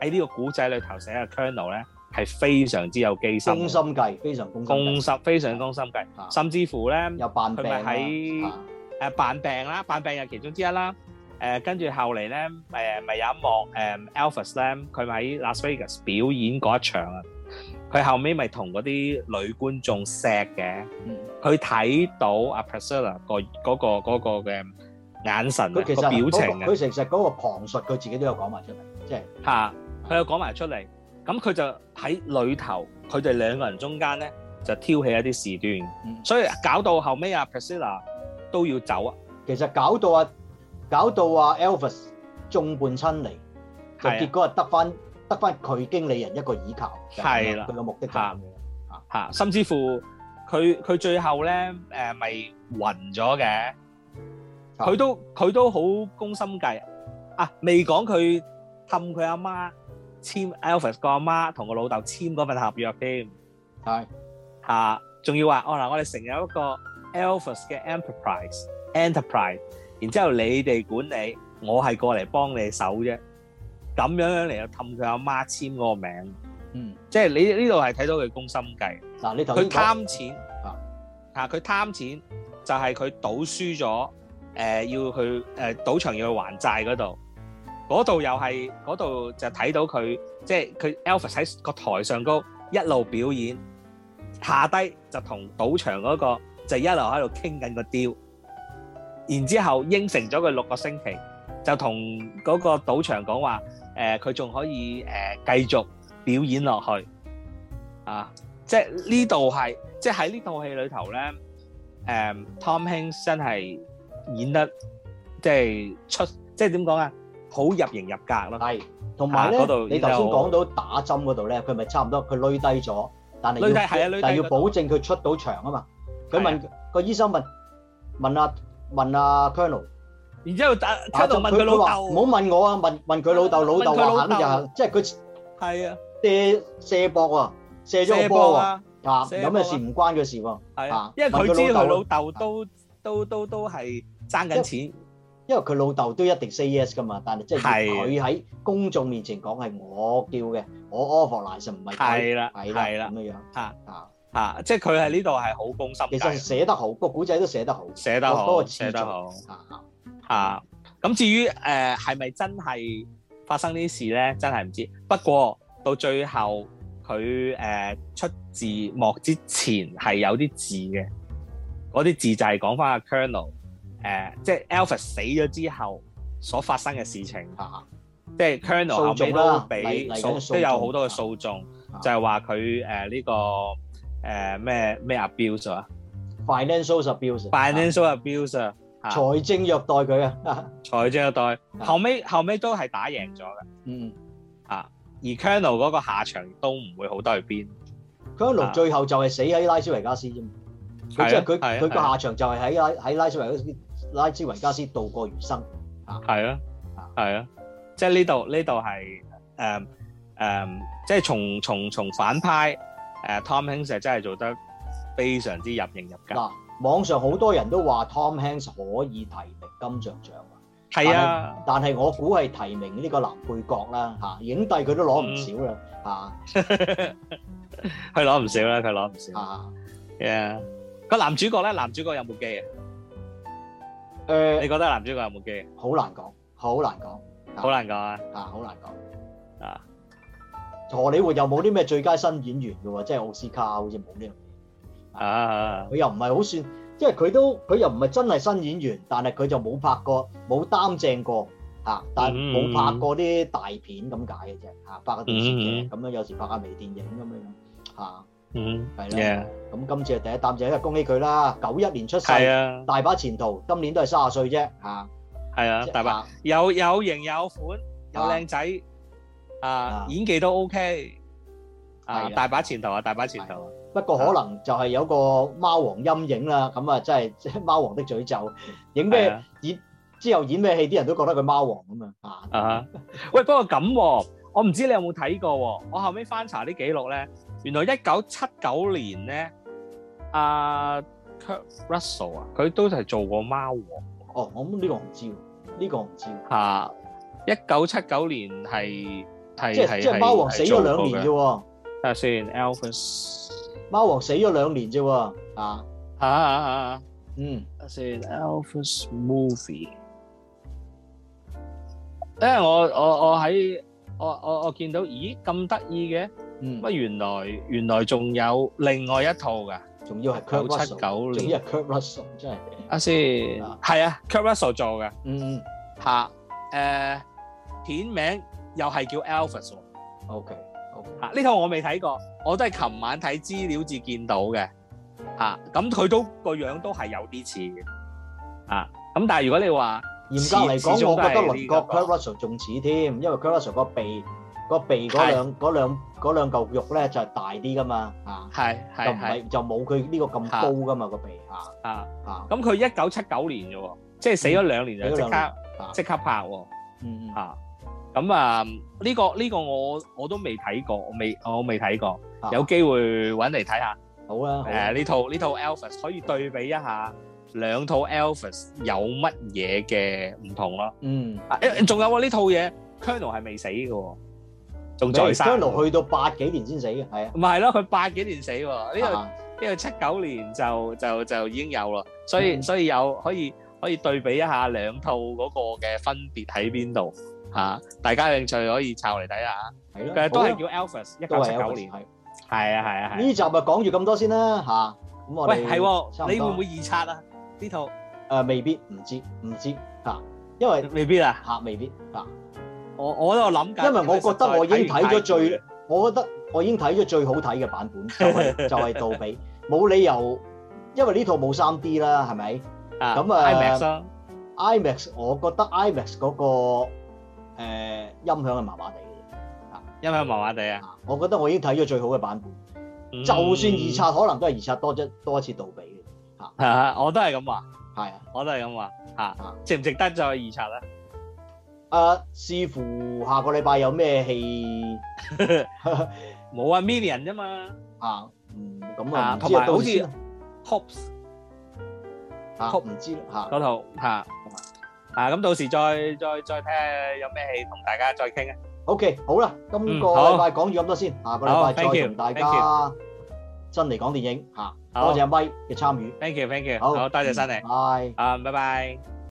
喺呢個古仔裏頭寫嘅 Colonel 咧，係非常之有機心，心計非常機心，機心非常心計，甚至乎咧，佢咪喺誒扮病啦，扮病又其中之一啦。誒跟住後嚟咧，誒咪有一幕誒 Alfie 咧，佢咪喺 Las Vegas 表演嗰一場啊。佢後尾咪同嗰啲女觀眾錫嘅，佢睇到阿 Priscilla 個嗰個嗰個嘅眼神啊個表情啊，佢其實嗰個旁述佢自己都有講埋出嚟，即係嚇。佢又講埋出嚟，咁佢就喺裏頭，佢哋兩個人中間咧就挑起一啲事端，所以搞到後尾阿 Priscilla 都要走啊。其實搞到啊，搞到啊，Elvis 眾叛親離，就結果啊得翻得翻佢經理人一個依靠，係啦，佢嘅目的係咩啊？甚至乎佢佢最後咧誒咪暈咗嘅，佢都佢都好攻心計啊！未講佢氹佢阿媽。簽 Elvis 個阿媽同個老豆簽嗰份合約添，係吓，仲要話哦嗱，我哋成有一個 Elvis 嘅 enterprise enterprise，然之後你哋管理，我係過嚟，幫你手啫。咁樣樣嚟，又氹佢阿媽簽個名，嗯，即係你呢度係睇到佢工心計，嗱，呢頭佢貪錢吓吓，佢、啊、貪錢就係佢賭輸咗，誒、呃、要去誒賭場，要去還債嗰度。嗰度又係嗰度，就睇到佢即係佢 Alpha 喺個台上高一路表演，下低就同賭場嗰個就一路喺度傾緊個 deal，然之後應承咗佢六個星期，就同嗰個賭場講話，誒佢仲可以誒繼續表演落去啊！即係呢度係即係喺呢套戲裏頭咧，誒 Tom Hanks 真係演得即係出即係點講啊？好入型入格咯，係，同埋咧，你頭先講到打針嗰度咧，佢咪差唔多，佢攞低咗，但係要，但係要保證佢出到場啊嘛。佢問個醫生問問啊問啊 Colonel，然之後打 Colonel 問佢老豆，唔好問我啊，問問佢老豆，老豆話肯就肯，即係佢。係啊，卸卸膊喎，卸咗個波喎，啊，有咩事唔關佢事喎，啊，因為佢知佢老豆都都都都係爭緊錢。因為佢老豆都一定 say yes 噶嘛，但係即係佢喺公眾面前講係我叫嘅，我 officialize 唔係佢係啦係啦咁樣樣吓吓吓，即係佢喺呢度係好公心。其實寫得好，個古仔都寫得好，寫得好，寫得好啊啊！咁至於誒係咪真係發生呢啲事咧？真係唔知。不過到最後佢誒出字幕之前係有啲字嘅，嗰啲字就係講翻阿 Colonel。誒、uh，即係 Alpha 死咗之後所發生嘅事情，是啊、即係 Colonel 都俾，都有好多嘅訴訟，是啊、就係話佢誒呢個誒咩咩 abuse 啊，financial abuse，financial abuse 啊，Financial abuse 啊，啊，啊，財政虐待佢啊， 財政虐待，後尾、啊、後尾都係打贏咗嘅，嗯，啊，而 Colonel 嗰個下場都唔會好得去邊，Colonel 最後就係死喺拉斯維加斯啫嘛，佢即係佢佢個下場就係喺喺拉斯維加斯。拉斯維加斯度過餘生嚇，係啊，係啊，啊，即係呢度呢度係誒誒，即係從從從反派誒、啊、，Tom Hanks 真係做得非常之入型入格。嗱，網上好多人都話、嗯、Tom Hanks 可以提名金像獎，係啊，但係我估係提名呢個男配角啦嚇、啊，影帝佢都攞唔少啦嚇，佢攞唔少啦，佢攞唔少啊，係 啊，個、yeah, 男主角咧，男主角有冇機啊？誒，你覺得男主角有冇機？好、嗯、難講，好難講，好難講啊！吓，好難講啊！荷里活又冇啲咩最佳新演員嘅喎，即係奧斯卡好似冇呢樣嘢。啊！佢、啊、又唔係好算，即係佢都佢又唔係真係新演員，但係佢就冇拍過，冇擔正過吓，但係冇拍過啲大片咁解嘅啫。吓、嗯嗯啊，拍個電視劇咁樣，有時拍下微電影咁樣樣吓。啊嗯，係啦，咁今次啊第一擔就係恭喜佢啦。九一年出世，大把前途。今年都係卅歲啫，吓係啊，大把有有型有款，有靚仔啊，演技都 OK，係大把前途啊，大把前途。不過可能就係有個貓王陰影啦，咁啊真係貓王的詛咒，影咩演之後演咩戲，啲人都覺得佢貓王咁啊啊！喂，不過咁，我唔知你有冇睇過，我後尾翻查啲記錄咧。原來一九七九年咧，阿 Kurt Russell 啊，佢都係做過貓王。哦，我諗呢個唔知喎，呢個唔知。吓，一九七九年係係係貓王死咗兩年啫。睇下先，Elvis。貓王死咗兩年啫。吓吓吓吓，嗯。睇下先，Elvis movie。因為我我我喺我我我見到，咦咁得意嘅？嗯，原來原來仲有另外一套㗎？仲要係 Kurt Russell 要 Kurt Russell 真係。阿先、嗯，係啊，Kurt Russell 做嘅。嗯嗯。嚇、啊，片名又係叫 Elvis O K、okay, O、okay. K、啊。嚇，呢套我未睇過，我都係琴晚睇資料至見到嘅。咁佢都個樣都係有啲似嘅。啊，咁、啊、但係如果你話嚴格嚟講、這個，我覺得輪廓 Kurt Russell 仲似添，因為 Kurt Russell 個鼻。個鼻嗰兩嗰兩嗰兩嚿肉咧就係大啲噶嘛，啊，就唔係就冇佢呢個咁高噶嘛個鼻，啊啊，咁佢一九七九年啫喎，即係死咗兩年就即刻即刻拍喎，嚇，咁啊呢個呢個我我都未睇過，我未我未睇過，有機會揾嚟睇下。好啊，誒呢套呢套 Elvis 可以對比一下兩套 Elvis 有乜嘢嘅唔同咯。嗯，誒仲有喎呢套嘢，Colonel 係未死噶？仲在生，一路去到八幾年先死嘅，係啊，唔係咯，佢八幾年死喎，呢個呢個七九年就就就已經有啦，所以所以有可以可以對比一下兩套嗰個嘅分別喺邊度嚇，大家有興趣可以抄嚟睇下，係咯，其實都係叫 Elvis，都係七九年，係係啊係啊係，呢集咪講住咁多先啦嚇，咁我哋，喂係，你會唔會預測啊呢套？誒未必，唔知唔知啊，因為未必啊嚇，未必啊。我我都諗，因為我覺得我已經睇咗最，我覺得我已經睇咗最好睇嘅版本， 就係、是、就係、是、杜比，冇理由，因為呢套冇三 D 啦，係咪？咁啊，IMAX、啊、IMAX 我覺得 IMAX 嗰，那個誒音響係麻麻地嘅，啊、呃，音響麻麻地啊，我覺得我已經睇咗最好嘅版本，嗯、就算二刷可能都係二刷多一多一次杜比嘅，吓、啊，我都係咁話，係、啊，我都係咁話，吓、啊啊，值唔值得再二刷咧？啊，視乎下個禮拜有咩戲，冇啊，Minion 啫嘛。啊，嗯，咁啊唔知到時。同埋好似 Hops，啊，唔知啦，嗰套。嚇，啊，咁到時再再再睇下有咩戲同大家再傾啊。OK，好啦，今個禮拜講住咁多先，下個禮拜再同大家真嚟講電影嚇。多謝阿威嘅參與。Thank you，Thank you。好，多謝辛尼。拜。啊，拜拜。